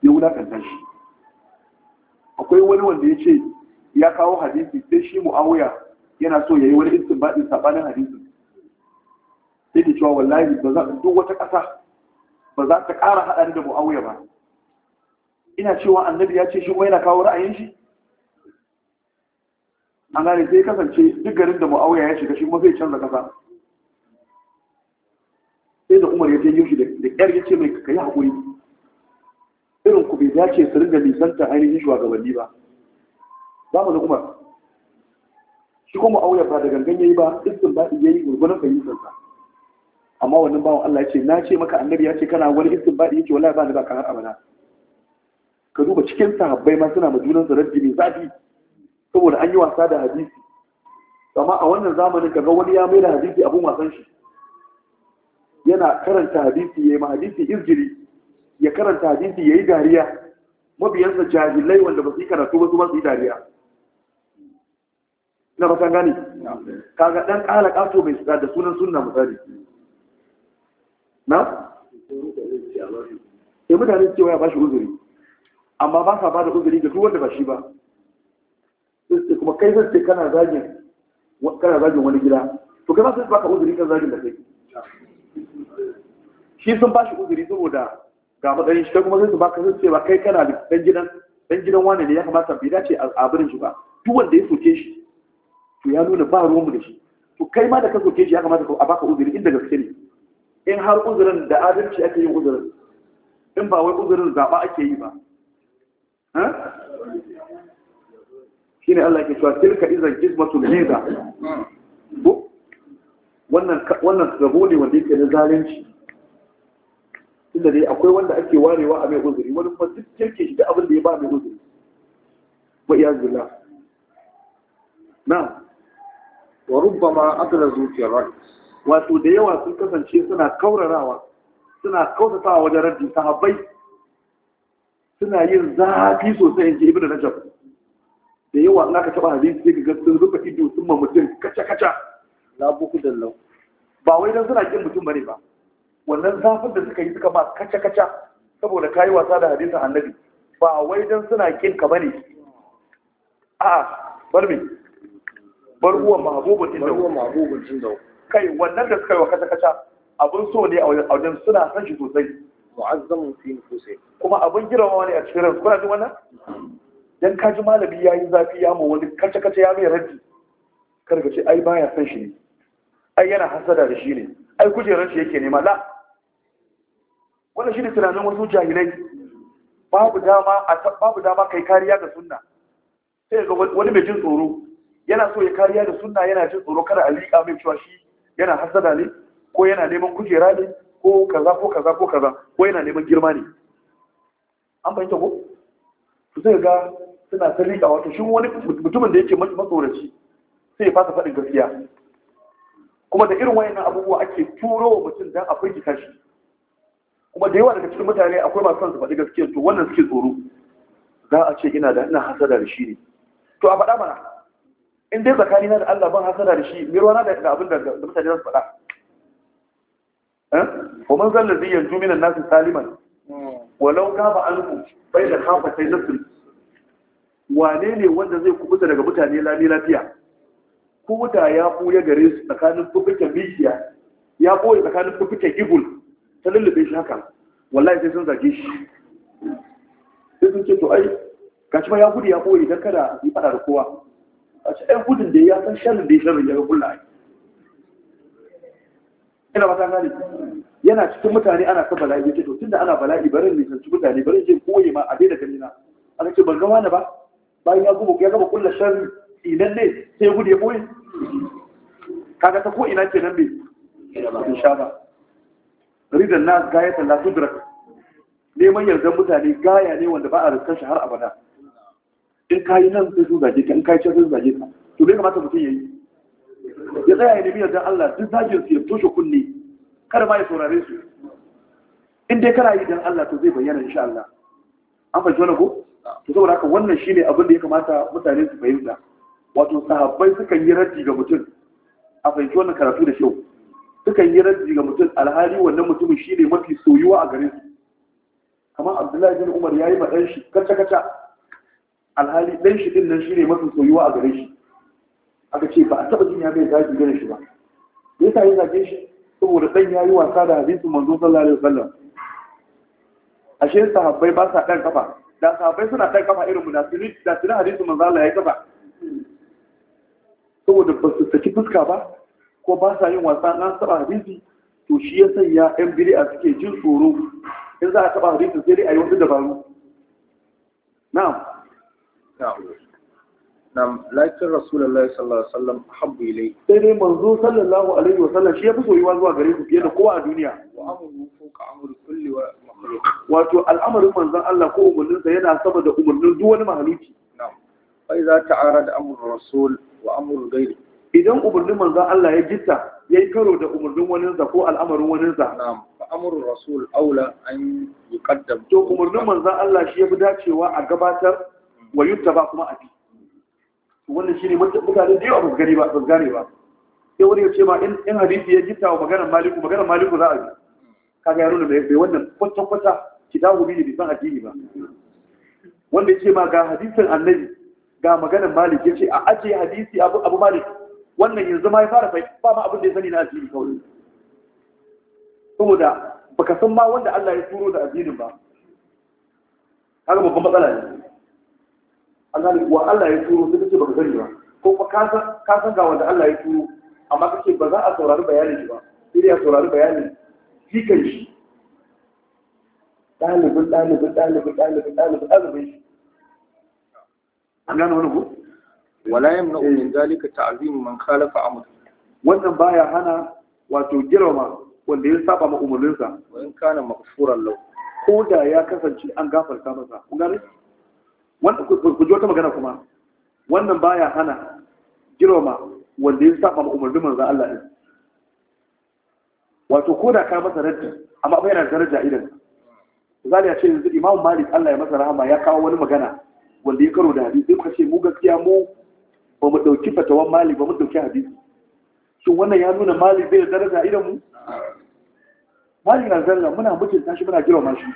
ya wulakanta shi akwai wani wanda ya ce ya kawo hadisi sai shi mu'awiya yana so ya yi wani istinbadi sabanin hadisin sai ke cewa wallahi ba za duk wata ƙasa ba za ta ƙara haɗari da mu'awiya ba ina cewa annabi ya ce shi kuma yana kawo ra'ayin shi an gane sai kasance duk garin da mu'awiya ya shiga shi kuma zai canza ƙasa sai da umar ya je yau shi da ƙyar ya ce mai ka yi haƙuri irin ku bai dace su ringa nisanta ainihin shugabanni ba zamanin umar shi kuma auya ba da gangan yayi ba istin ba iya yi gurgunan fahimtar sa amma wannan bawan Allah ya ce na ce maka annabi ya ce kana wani istin ba yake wallahi ba ni ba ka har abada ka duba cikin sahabbai ma suna majunan su raddi mai zafi saboda an yi wasa da hadisi amma a wannan zamanin ka ga wani ya mai da hadisi abun wasan shi yana karanta hadisi ya yi ma hadisi izgiri ya karanta hadisi ya yi dariya mabiyansa jahilai wanda ba su yi karatu ba su ba su yi dariya na fatan gani kaga dan kala kato mai tsada da sunan sunna misali na sai eh, mutane cewa ya bashi uzuri amma ba sa bada uzuri ga duk wanda ba shi ba sai kuma kai sai kana zagin kana zagin wani gida to kai ba sai baka uzuri kan zagin da kai shi sun bashi uzuri saboda ga matsayin shi kuma sai su baka sai ce ba kai kana dan gidan dan gidan wani ne ya kamata bai dace a abin shi ba duk wanda ya soke shi to ya nuna ba ruwanmu da shi to kai ma da ka soke shi ya kamata a baka uzuri inda gaske ne in har uzurin da adalci ake yin uzurin in ba wai uzurin zaɓa ake yi ba shi ne Allah ke cewa tilka izan gizmatul heza wannan gabo ne wanda yake na zalunci inda dai akwai wanda ake warewa a mai uzuri wani kuma duk kirke shi da abin da ya ba mai uzuri wa zula na. wa rubbama adrazu zuciyar rad wato da yawa sun kasance suna kaurarawa suna kautatawa wajen raddi sahabbai suna yin zafi sosai ji ibn rajab da yawa in aka taba hadisi sai ga sun rufe ido sun ma mutum kaca kaca la buku dallau ba wai dan suna kin mutum bane ba wannan zafin da suka yi suka ma kaca kaca saboda kai wasa da hadisin annabi ba wai dan suna kin ka bane a'a bar bar huwa mahbubatin da huwa kai wannan da suka yi wa kasa abun so ne a wajen suna san shi sosai mu'azzamun fi nufusai kuma abun girmama ne a cikin ran kuna jin wannan dan ka ji malami yayi zafi ya mu wani kace kace ya mai raddi kar ka ce ai baya san shi ne ai yana hasada da shi ne ai kujerar shi yake nema la wannan shi ne tunanin wasu jahilai babu dama babu dama kai kariya ga sunna sai ga wani mai jin tsoro yana so ya kariya da sunna yana jin tsoro kada a liƙa mai cewa shi yana hasada ne ko yana neman kujera ne ko kaza ko kaza ko kaza ko yana neman girma ne an fahimta ko su zai ga suna ta liƙa wato shi wani mutumin da yake matsoraci sai ya fasa faɗin gaskiya kuma da irin wayannan abubuwa ake turo wa mutum don a firgita shi kuma da yawa daga cikin mutane akwai masu son su faɗi gaskiya to wannan suke tsoro za a ce ina da ina hasada da shi ne to a faɗa mana in dai tsakani na da Allah ban hasara da shi mai rana da abin da mutane za su faɗa eh? wa man zalla zai yanzu minan nasu saliman walau kafa alku bai da kafa sai nasu wane ne wanda zai kubuta daga mutane lami lafiya kubuta ya buya gare su tsakanin fufuken bishiya ya boye tsakanin fufuken ibul ta lullube shi haka wallahi sai sun zage shi sai sun ce to ai gashi ma ya gudu ya boye idan kada yi fada da kowa a ce ɗan gudun da ya san shan da ya sharrin ya ga kulla ina mata gane yana cikin mutane ana ta bala'i yake to tunda ana bala'i barin nisanci mutane barin ce koye ma a daina gani na aka ce ban gama wani ba bayan ya gama ya gaba kulla sharri idan ne sai gudu ya boye kaga ta ko ina kenan bai in sha ba ridan nas gayatan la tudrak neman yardan mutane gaya ne wanda ba a riskar shi har abada in ka yi nan sai sun zage ka in ka yi can sun zage ka to bai kamata mutum ya yi ya tsaya ya nemi yardar Allah duk zagin su ya toshe kunne kada ma ya saurare su in dai kana yi dan Allah to zai bayyana insha Allah an fahimci wannan ko to saboda haka wannan shine abin da ya kamata mutane su fahimta wato sahabbai sukan yi raddi ga mutum a fahimci wannan karatu da kyau sukan yi raddi ga mutum alhali wannan mutumin shine mafi soyuwa a gare su kamar Abdullahi bin Umar yayi madan shi kaca kaca alhali ɗan shi ɗin nan shi ne mafi soyuwa a gare shi aka ce ba a taɓa jin ya bai zagi gare shi ba ya sa ya zage shi saboda ɗan ya yi wasa da hadisin manzo sallallahu alaihi wasallam ashe sahabbai ba sa ɗan kafa da sahabbai suna ɗan kafa irin mu da su hadisin manzo Allah ya kafa saboda ba su saki fuska ba ko ba sa yin wasa na taɓa hadisi to shi ya sanya yan bid'a suke jin tsoro in za a taɓa hadisi sai dai a yi wasu dabaru na'am na'am lakin rasulullahi sallallahu alaihi wasallam habbu ilai sai dai manzo sallallahu alaihi wasallam shi ya fi soyuwa zuwa gare ku fiye da kowa a duniya wa amru fuka amru kulli wa makhluq wato al'amarin manzon Allah ko umurnin sa yana sama da umurnin duk wani mahaluki na'am fa idza ta'arada amru rasul wa amru ghairi idan umurnin manzon Allah ya gitta yayi karo da umurnin wani sa ko al'amarin wani sa na'am fa amru rasul aula an yuqaddam to umurnin manzon Allah shi ya fi dacewa a gabatar wa yutta ba kuma abi wannan shi ne mutane da yawa ba su gani ba ba su gane ba sai wani ya ce ma in hadisi ya gitta wa maganar maliku maganar maliku za a bi kaga ya nuna bai wannan kwata-kwata kitabu bi ne bi san addini ba wanda ya ce ma ga hadisin annabi ga maganar malik ya ce a ajiye hadisi abu abu malik wannan yanzu ma ya fara fai ba ma abin da ya sani na addini kawai saboda baka san ma wanda Allah ya turo da addinin ba haka babban matsala ne an wa Allah ya turo sai kace baka sani ba ko kuma ka san ga wanda Allah ya turo amma kace ba za a saurari bayanin shi ba sai dai a saurari bayanin shi kan shi Dalibin, dalibin, dalibin, dalibin, dalibin, dalibin. shi an gano wani ku wala yamna min zalika ta'zim man khalafa amr wannan baya hana wato girma wanda ya saba ma umarninsa wa in kana maghfuran lahu ko da ya kasance an gafarta masa kun gane wanda ku ji wata magana kuma wannan baya hana girma wanda ya saba ma umarnin manzo Allah ne wato ko da ka masa radda amma bai yana daraja idan misali ya ce yanzu imamu Malik Allah ya masa rahama ya kawo wani magana wanda ya karo da hadisi sai kuka ce mu gaskiya mu ba mu dauki fatawan Malik ba mu dauki hadisi shin wannan ya nuna Malik bai da daraja idan mu Malik na zalla muna mutunta shi muna girma shi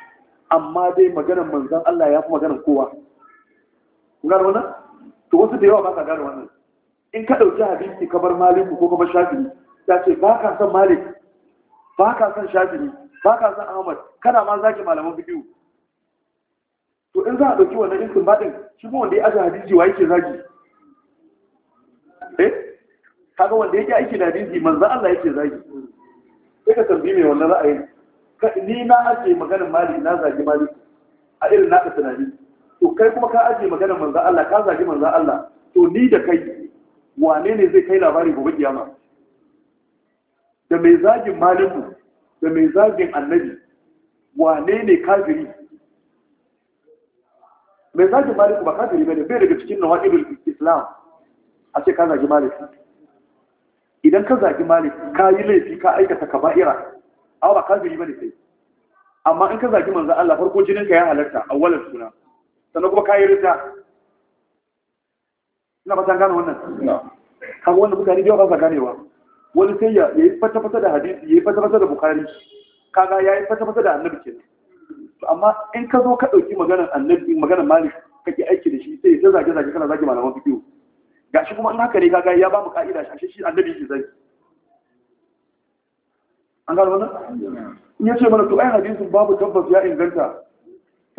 amma dai maganar manzon Allah ya fi maganar kowa gano wannan to wasu da yawa ba sa gano wannan in ka ɗauki hadisi bar maliku ko kuma shafi'i ta ce ba ka san malik ba ka san shafi'i ba ka san ahmad kana ma zaki malaman bidiyo to in za a ɗauki wannan iskin baɗin shi kuma wanda ya aje hadisi wa yake zagi eh kaga wanda yake aiki da hadisi manzo Allah yake zagi sai ka tambayi mai wannan ra'ayin ni na ake maganin malik na zagi malik a irin naka tunani to kai kuma ka ajiye maganar manzan Allah ka zagi manzan Allah to ni da kai wane ne zai kai labari gobe kiyama da mai zagin maliku da mai zagin annabi wane ne kafiri mai zagin maliku ba kafiri bane bai daga cikin ibil islam a ce ka zagi maliki idan ka zagi maliki ka yi laifi ka aikata ka ba'ira awa ba kafiri bane sai amma in ka zagi manzan Allah farko jinin ka ya halarta a walar suna sannan kuma kayi rita ina fata ta gane wannan kaga wannan mutane da yawa ba ganewa wani sai ya yi fata-fata da hadisi ya yi fata-fata da bukari kaga ya yi fata-fata da annabi kenan amma in ka zo ka ɗauki maganar annabi maganar malik kake aiki da shi sai ya zage zage kana zage malaman fikiyo gashi kuma in haka ne kaga ya ba mu ka'ida shi shi annabi ke zai an gano wannan in ya ce mana to ai hadisin babu tabbas ya inganta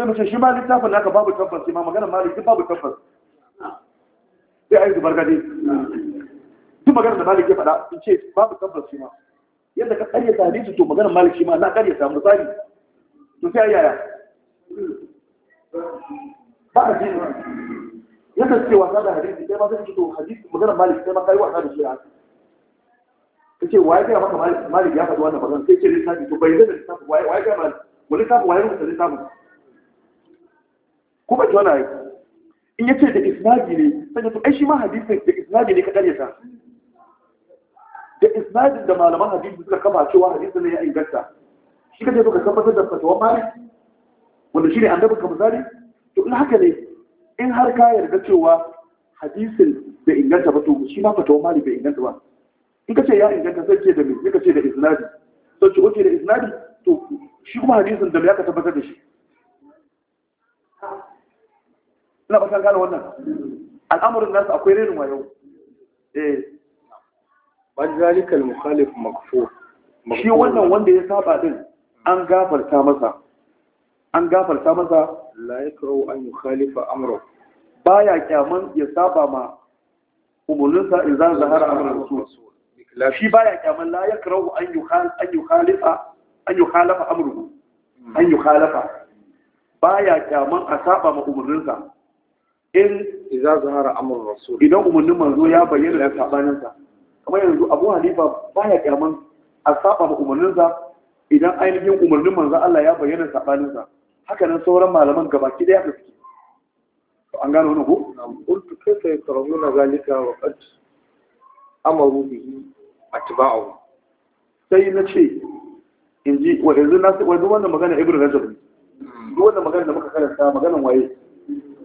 sai mu shi ma littafin naka babu tabbas ma magana malik duk babu tabbas sai a yi zubar gade duk magana da malik ya faɗa sun ce babu tabbas shi ma yadda ka ƙarya ta hadisi to magana malik shi ma na ƙarya ta misali to sai yaya ba a jini yadda suke wasa da hadisi sai ma zai fito hadisi magana malik sai ma kai wasa da shi a kace waye kai maka malik ya faɗi wannan magana sai ce littafi to bai zai da littafi waye waye kai malik wani littafi waye rubuta littafin ko ba ki wani in yace da isnadi ne sai to ai shi ma hadisin da isnadi ne dare ta da isnadi da malaman hadisi suka kafa cewa hadisi ne ya inganta shi kaje ka tabbatar da fatawa malik wanda shi ne annabin ka misali to in haka ne in har ka yarda cewa hadisin bai inganta ba to shi ma fatawa malik bai inganta ba in ka ce ya inganta sai ce da me ka ce da isnadi to ce oke da isnadi to shi kuma hadisin da ya ka tabbatar da shi ina ba kan gane wannan al'amurin nasu akwai renin wayo eh ban zalikal mukhalif makfu shi wannan wanda ya saba din an gafarta masa an gafarta masa la yakru an yukhalifa amra baya kyaman ya saba ma umurninsa in zan zahara amran rasul shi baya kyaman la yakru an yukhal an yukhalifa an yukhalafa amru an yukhalafa baya kyaman a saba ma umurninsa in idza zahara amrul rasul idan umarnin manzo ya bayyana da sabanin sa kamar yanzu Abu ba ya kyaman a saba ma umarnin sa idan ainihin umarnin manzo Allah ya bayyana sabanin sa haka nan sauran malaman gaba gabaki daya ga suke an gano wannan ko qultu kayfa yakrahuna zalika wa qad amaru bihi atba'u sai na ce in ji wa yanzu na wannan magana Ibrahim Rajab hmm. duk wannan magana da muka karanta maganan waye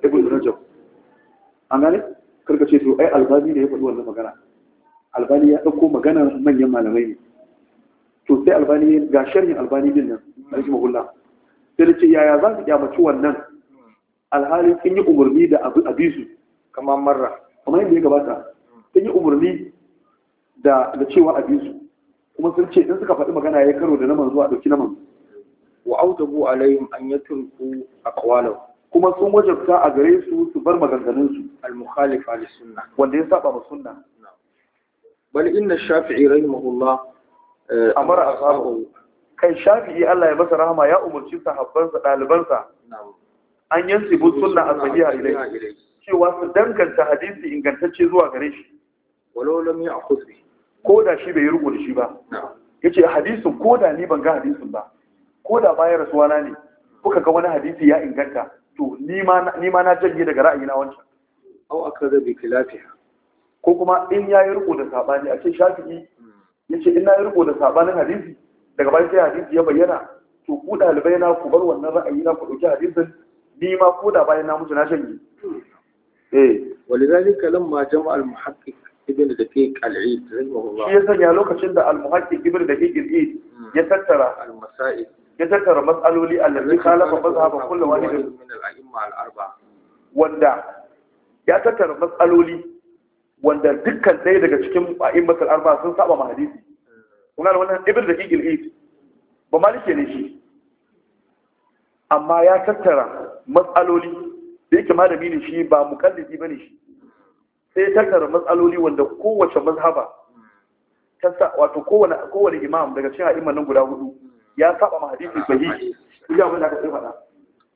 Ibrahim Rajab an gane karka ce to ai albani ne ya faɗi wannan magana albani ya ɗauko magana manyan malamai ne to sai albani ga sharhin albani din nan alhaji magulla sai da ce yaya za su kyamaci wannan alhali sun yi umarni da abu a bisu kamar marra kamar yadda ya gabata sun yi umarni da cewa a bisu kuma sun ce in suka faɗi magana ya karo da na manzo a ɗauki na manzo wa autabu alaihim an a aqwalahu kuma sun wajabta a gare su su bar maganganunsu al-mukhalifa li sunna wanda ya saba ma sunna bal inna shafi'i rahimahullah eh, amara ashabu kai shafi'i Allah ya masa rahama ya umarci daliban sa an bu sunna as-sahiha ilayhi cewa su danganta hadisi ingantacce zuwa gare shi walau lam ya'khudh bi ko da shi bai rubuta shi ba yace hadisin ko da ni ban ga hadisin ba ko da bayar rasuwa na ne kuka ga wani hadisi ya inganta to ni ma na janye daga ra'ayi na wancan au aka zabi kilafiya ko kuma in ya yi riko da sabani a ce shafi'i ya ce ina yi riko da sabanin hadisi daga bayan sai hadisi ya bayyana to ku ɗalibai na ku bar wannan ra'ayi na ku dauki hadisin ni ma ko da bayan na mutu na janye eh walidhalika lamma jama'a al-muhaqqiq ibn daqiq al-eid rahimahullah shi ya sanya lokacin da al-muhaqqiq ibn da al-eid ya tattara al-masail ya tattara matsaloli allazi khalafa mazhaban kullu wahidin min al-a'imma al-arba wanda ya tattara matsaloli wanda dukkan ɗaya daga cikin a'immat al-arba sun saba ma hadisi kuma da wannan ibn daqiq al-eid ba malike ne shi amma ya tattara shi ba shi sai ya matsaloli wanda kowace mazhaba ta wato kowane imam daga cikin a'imman nan guda hudu ya saba ma hadisi sahihi kun abin da aka ce faɗa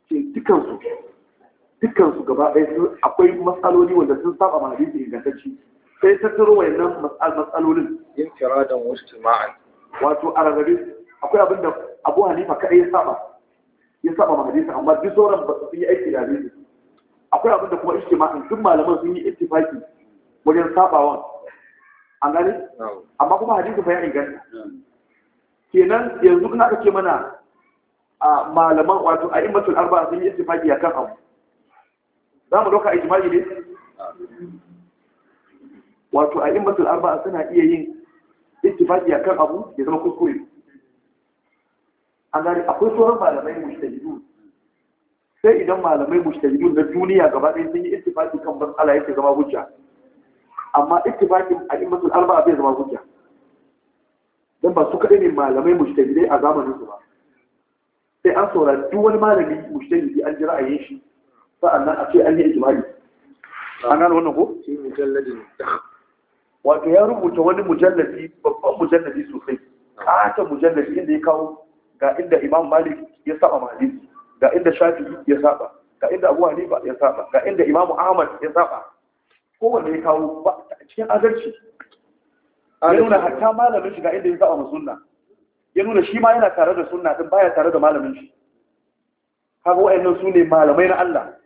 su dukansu su gaba ɗaya sun akwai matsaloli wanda sun saba ma hadisi ingantacci sai tattaro wayannan matsalolin in kiradan wajtima'an wato a rarrabe akwai abin da Abu Hanifa kaɗai ya saba ya saba ma hadisi amma duk sauran ba su yi aiki da hadisi akwai abin da kuma ijtima'in duk malaman sun yi ittifaki wajen sabawan an gane amma kuma hadisi fa ya inganta kenan yanzu kun aka ce mana a malaman wato a immatul arba sun yi a kan abu za mu dauka ijma'i ne wato a immatul arba suna iya yin a kan abu ya zama kuskure an gani akwai sauran malamai mushtajidu sai idan malamai mushtajidu na duniya gaba ɗaya sun yi istifaki kan ban ala yake zama hujja amma istifakin a immatul arba zai zama hujja don ba su kaɗai ne malamai mushtahidai a zamanin su ba sai an saurari duk wani malami mushtahidi an ji ra'ayin shi sa'annan a ce an yi ijma'i an gano wannan ko shi ne wato ya rubuta wani mujalladi babban mujalladi sosai kata mujalladi inda ya kawo ga inda imam malik ya saba malik ga inda shafi'i ya saba ga inda abu hanifa ya saba ga inda imam ahmad ya saba kowanne ya kawo cikin adalci ya nuna hatta malamin shi ga inda ya saba ma sunna ya nuna shi ma yana tare da sunna din baya tare da malamin shi kaga wayannan su ne malamai na Allah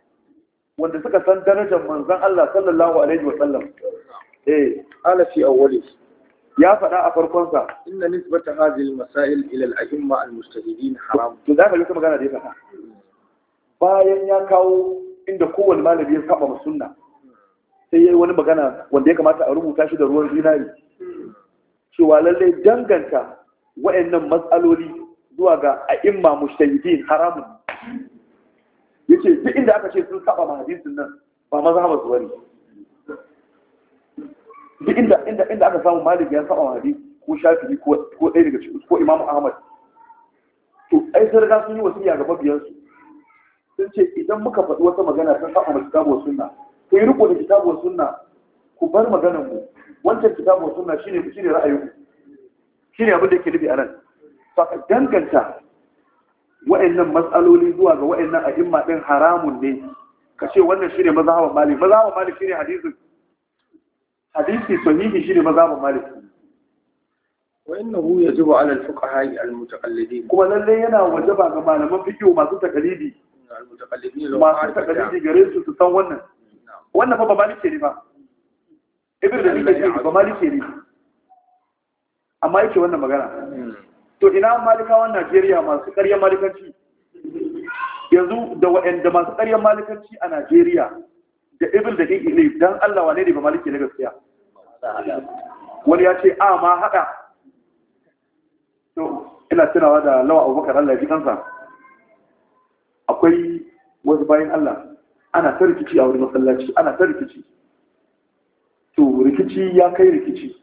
wanda suka san darajar manzon Allah sallallahu alaihi wa sallam eh ala fi awwali ya faɗa a farkon sa inna nisbata hadhihi al-masail ila al-a'imma al-mustahidin haram to da ka yi magana da ya bayan ya kawo inda kowane malami ya saba ma sunna sai yayi wani magana wanda ya kamata a rubuta shi da ruwan zinari cewa lallai danganta wa'annan matsaloli zuwa ga a'imma mushtahidin haramun ce, duk inda aka ce sun saba ma nan ba ba su bane duk inda inda aka samu malik ya saba ma ko Shafi ko ko ɗaya daga cikin ko imamu ahmad to ai sun riga sun yi wasu ga mabiyansu sun ce idan muka faɗi wata magana ta saba ma kitabu wa sunna to yi riko da kitabu wa sunna ku bar maganar mu wancan kitabun sunna shine shine ra'ayin shine abin da yake nufi anan saka danganta wa'annan matsaloli zuwa ga wa'annan a'imma din haramun ne ka ce wannan shine mazhaban malik mazhaban malik shine hadisin hadisi sahihi shine mazhaban malik وإنه يجب على الفقهاء المتقلدين كما لله ينا وجب على malaman fiqh masu taqlidi المتقلدين لو masu taqlidi gare su su san wannan wannan fa ba malike ne ba ibn da kake ba malike ne amma yake wannan magana to ina malikawan Najeriya masu ƙaryar malikanci yanzu da waɗanda masu ƙaryar malikanci a Najeriya da ibn da kake ne dan Allah wane ne ba malike ne gaskiya wani ya ce a ma haɗa to ina tunawa da lawa abubakar Allah ya ji kansa akwai wasu bayan Allah ana ta rikici a wurin masallaci ana ta rikici to rikici ya kai rikici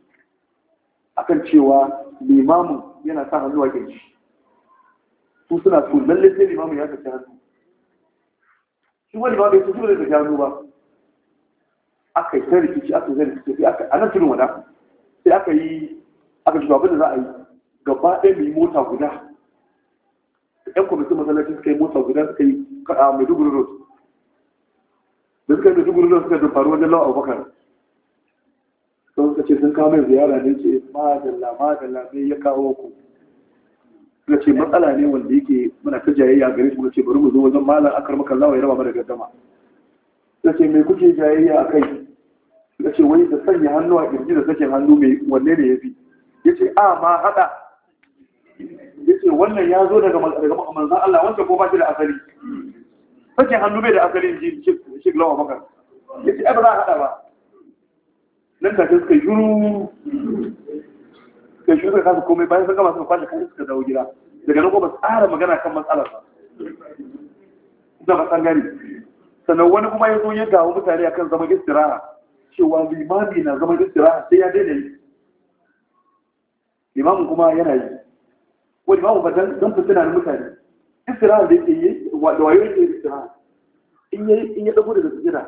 akan cewa limamin yana sa hannu a kirji su suna so lalle sai limamin ya tafi hannu shi wani ma bai su da gano ba aka yi ta rikici aka zai rikici sai aka anan tunin wada sai aka yi aka shi babu da za a yi gaba ɗaya mai mota guda yan kwamitin masallacin suka yi mota guda suka yi kaɗa mai dubu road da suka yi da dubu road suka dubaru wajen lawa abubakar sun ziyara ne ce madalla madalla ne ya kawo ku na ce matsala ne wanda yake muna ta jayayya gare shi ce bari mu zo wajen malam akar maka lawa ya raba mana gaddama na ce mai kuke jayayya a kai na ce wai da sanya hannu a kirji da sakin hannu mai wanne ne ya fi ya ce a ma haɗa ya ce wannan ya zo daga manzan Allah wancan ko ba shi da asali sakin hannu bai da asali shi lawa makar ya ce ai ba za a haɗa ba nan kashe suka yuru suka shi suka kasa komai bayan sun gama suka kwashe kashe suka dawo gida daga nan kuma tsara magana kan matsalar ba da ba gari sannan wani kuma ya zo ya dawo mutane akan zaman istiraha cewa limami na zaman istiraha sai ya daina yi limamin kuma yana yi ko limamin ba don fitina na mutane istiraha da yake yi da wayo yake istiraha in ya dago daga gistira,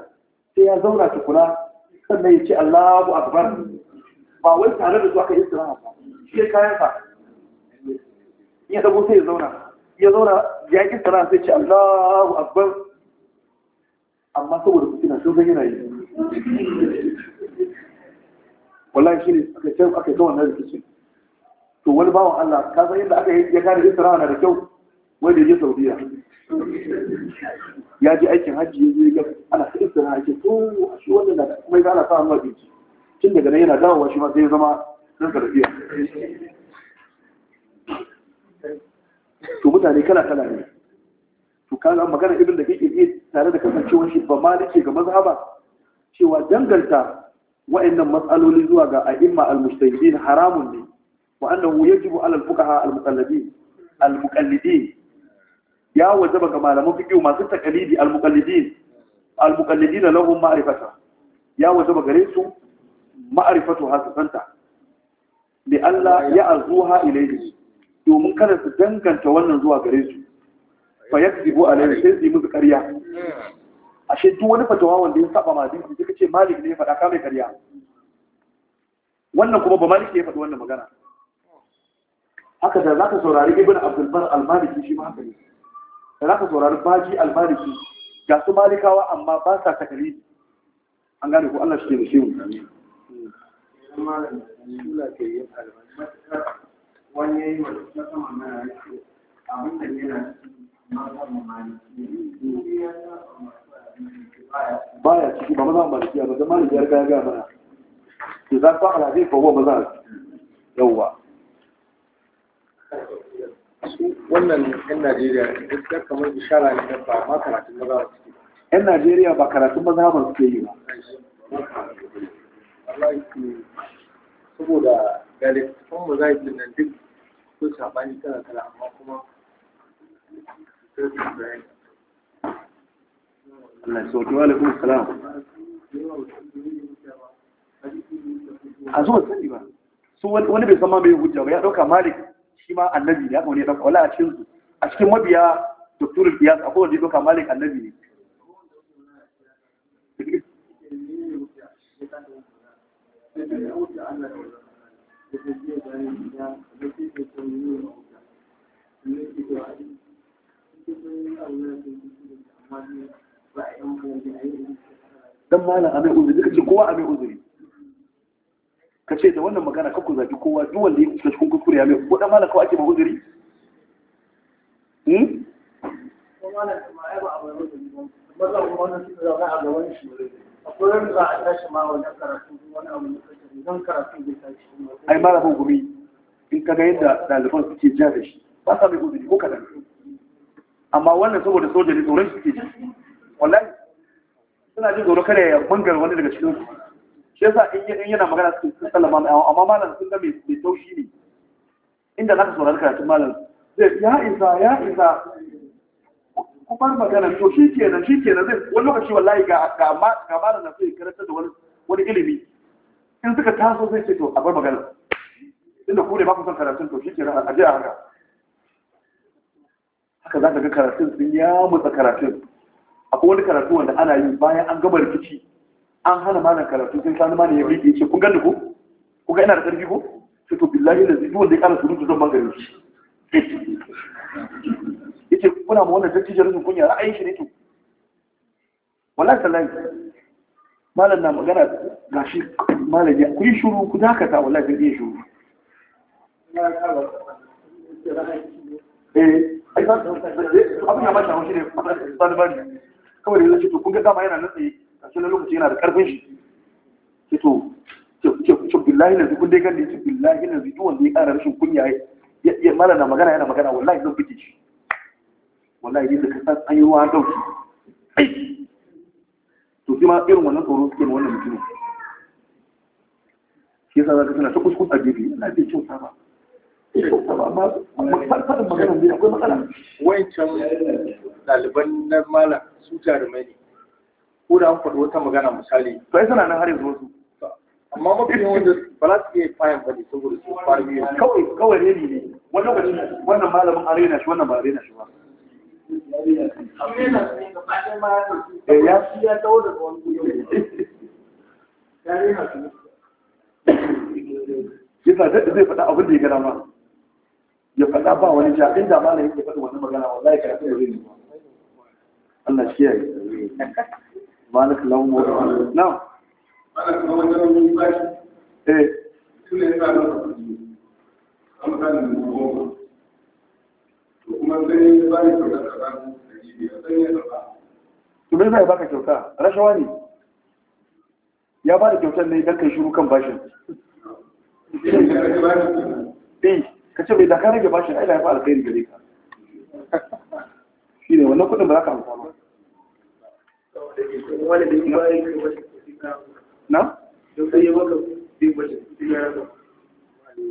sai ya zauna tukuna sannan ya ce Allahu akbar ba wai tare da zuwa kai istiraha ba shi ya kayan sa ya dago sai ya zauna ya zauna ya yi istiraha sai ce Allahu akbar amma saboda fitina sun san yana yi wallahi shi ne aka yi aka ga wannan rikicin to wani bawan Allah ka san yadda aka yi ya gane istiraha na da kyau wai da je Saudiya ya ji aikin hajji ya je ga ana sai da ake a shi wannan da kuma ga ana sa hannu a binci tun daga nan yana dawowa shi ma sai ya zama nan karfiya to mutane kala kala ne to kaga magana irin da kake yi tare da kasancewar shi ba ke ga maza ba? cewa danganta wa'annan matsaloli zuwa ga a'imma al-mujtahidin haramun ne Wa'annan yajibu ala fuqaha al-muqallidin al-muqallidin ya wajaba ga malaman fiqh masu taqlidi al-muqallidin al-muqallidina lahum ma'rifata ya wajaba gare su ma'rifatu hasanta li alla ya'zuha ilayhi domin kada su danganta wannan zuwa gare su fa yakzibu alayhi sai su yi musu ƙarya ashe duk wani fatawa wanda ya saba madini sai kace malik ne ya faɗa ka mai ƙarya wannan kuma ba malik ne ya faɗi wannan magana haka da zaka saurari ibn abdul bar al-maliki shi ma haka ne da za ka saurari baji almaliki ga su malikawa amma ba sa takali an gane ko Allah shi ke da shi wani ya yi wa na da yana baya ciki ba maza maliki ba da maliki ya gaya mana idan ba ala zai ko ba maza yauwa wannan yan najeriya gaskiya kamar ishara ne ba ma karatun maza ba suke yan najeriya ba karatun maza ba suke yi ba saboda ga littattafan mazahib yi nan duk sun sabani kala kala amma kuma a zuwa sani ba su wani bai zama mai hujja ba ya ɗauka malik shi ma annabi ne haka wani ya ɗauka wala a cikin su a cikin mabiya doktorul biyas a wanda ya malik annabi ne dan malam amai uzuri duka ce kowa amai uzuri ka ce da wannan magana ka zaɓi kowa duk wanda ya kusa cikin kuskure ya mai ko dan malam kawai ake ba uzuri hmm ai malamin gumi in ka ga yadda ɗaliban suke ja da shi ba sa mai uzuri ko kaɗan amma wannan saboda soja ne tsoron suke ji wallahi suna jin tsoron kada ya bangar wani daga cikin su shi yasa in yana magana su sun sallama mai amma malam sun ga mai taushi ne inda za ka saurari karatun malam zai ya isa ya isa kuma magana to shi kenan shi kenan zai wani lokaci wallahi ga ga ga malam na sai karanta da wani ilimi in suka taso zai ce to a bar magana inda ku ne ba ku son karatun to shi kenan a je a haka haka za ka ga karatun sun ya mutsa karatun akwai wani karatu wanda ana yi bayan an gama rikici an hana malam karatu sai sani malam ya riƙe ce kun gani ko kuka ina da ƙarfi ko sai to billahi da duk da ya ƙara surutu don bangare shi yace kuna ma wannan dattijo rufin kunya ra'ayin shi ne to wallahi sallahi malam na magana gashi malam ya kuyi shuru ku dakata wallahi zan iya shuru eh ai ba abin ya ba ta haushi ne ba da bari kawai da yace to kun ga dama yana nan tsaye A cikin lokaci yana da karfin shi ki to ki billahi lazi kun dai kan ki billahi lazi duk wanda ya kara rashin kunya ya mala na magana yana magana wallahi zan fike shi wallahi yadda ka san an yi ruwa dauki ai to shi ma irin wannan tsoron suke wannan mutumin shi yasa zaka tana ta kuskus a gefe ina bai kyau ta ba faɗin maganar ne akwai matsala wancan ɗaliban na mala su jarumai ne ko da an faɗi wata magana misali to ai suna nan har yanzu wasu amma mafi yawan da ba za su iya fayan ba ne saboda su fara biyu kawai kawai ne ne wani lokaci wannan malamin an rena shi wannan ba a rena shi ba eh, ya dawo da wani zai faɗa abin da ya gana ma ya faɗa ba wani ja da ma na yake faɗi wani magana wallahi karatu da zai yi Allah shi yayi مالك لهم وجه نعم مالك لهم ايه zai baka kyauta, rashawa ne, ya kyautar ne kai shuru kan bashin. Eh, ka ce mai rage bashin aida ya fi alkhairi gare ka. Shi ne, na?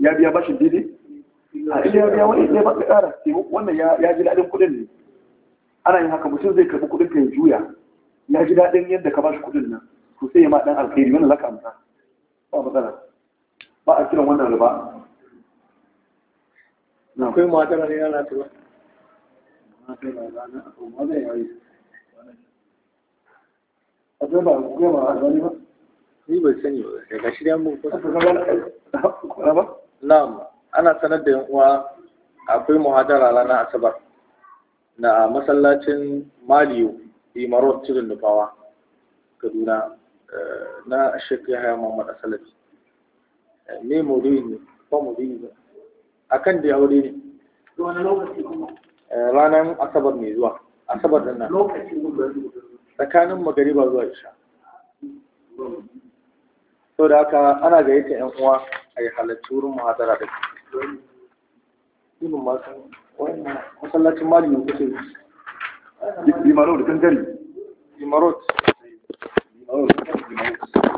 ya biya bashin didi? a ya biya wani ya wannan ya ji daɗin kuɗin ne ana yin haka mutum zai karɓi kudin ka ya juya ya ji daɗin yadda ka bashi kuɗin nan to sai ya ma ɗan alkhairi wani laka amsa ba matsala ba a kiran wannan riba akwai matsala ne ana tura ana sanar da yan uwa akwai muhadara ranar asabar na masallacin maliyo imarot cikin nufawa kaduna eh, na shek yahaya muhammad asalafi eh, ne mori ne ko mori ne kan da wuri ne ranar asabar mai zuwa asabar din nan tsakanin magariba zuwa isha sau da haka ana gayyata yan uwa a yi halarci wurin mahadara da ilimin masu masallacin mali ne kuke limarot gangare limarot limarot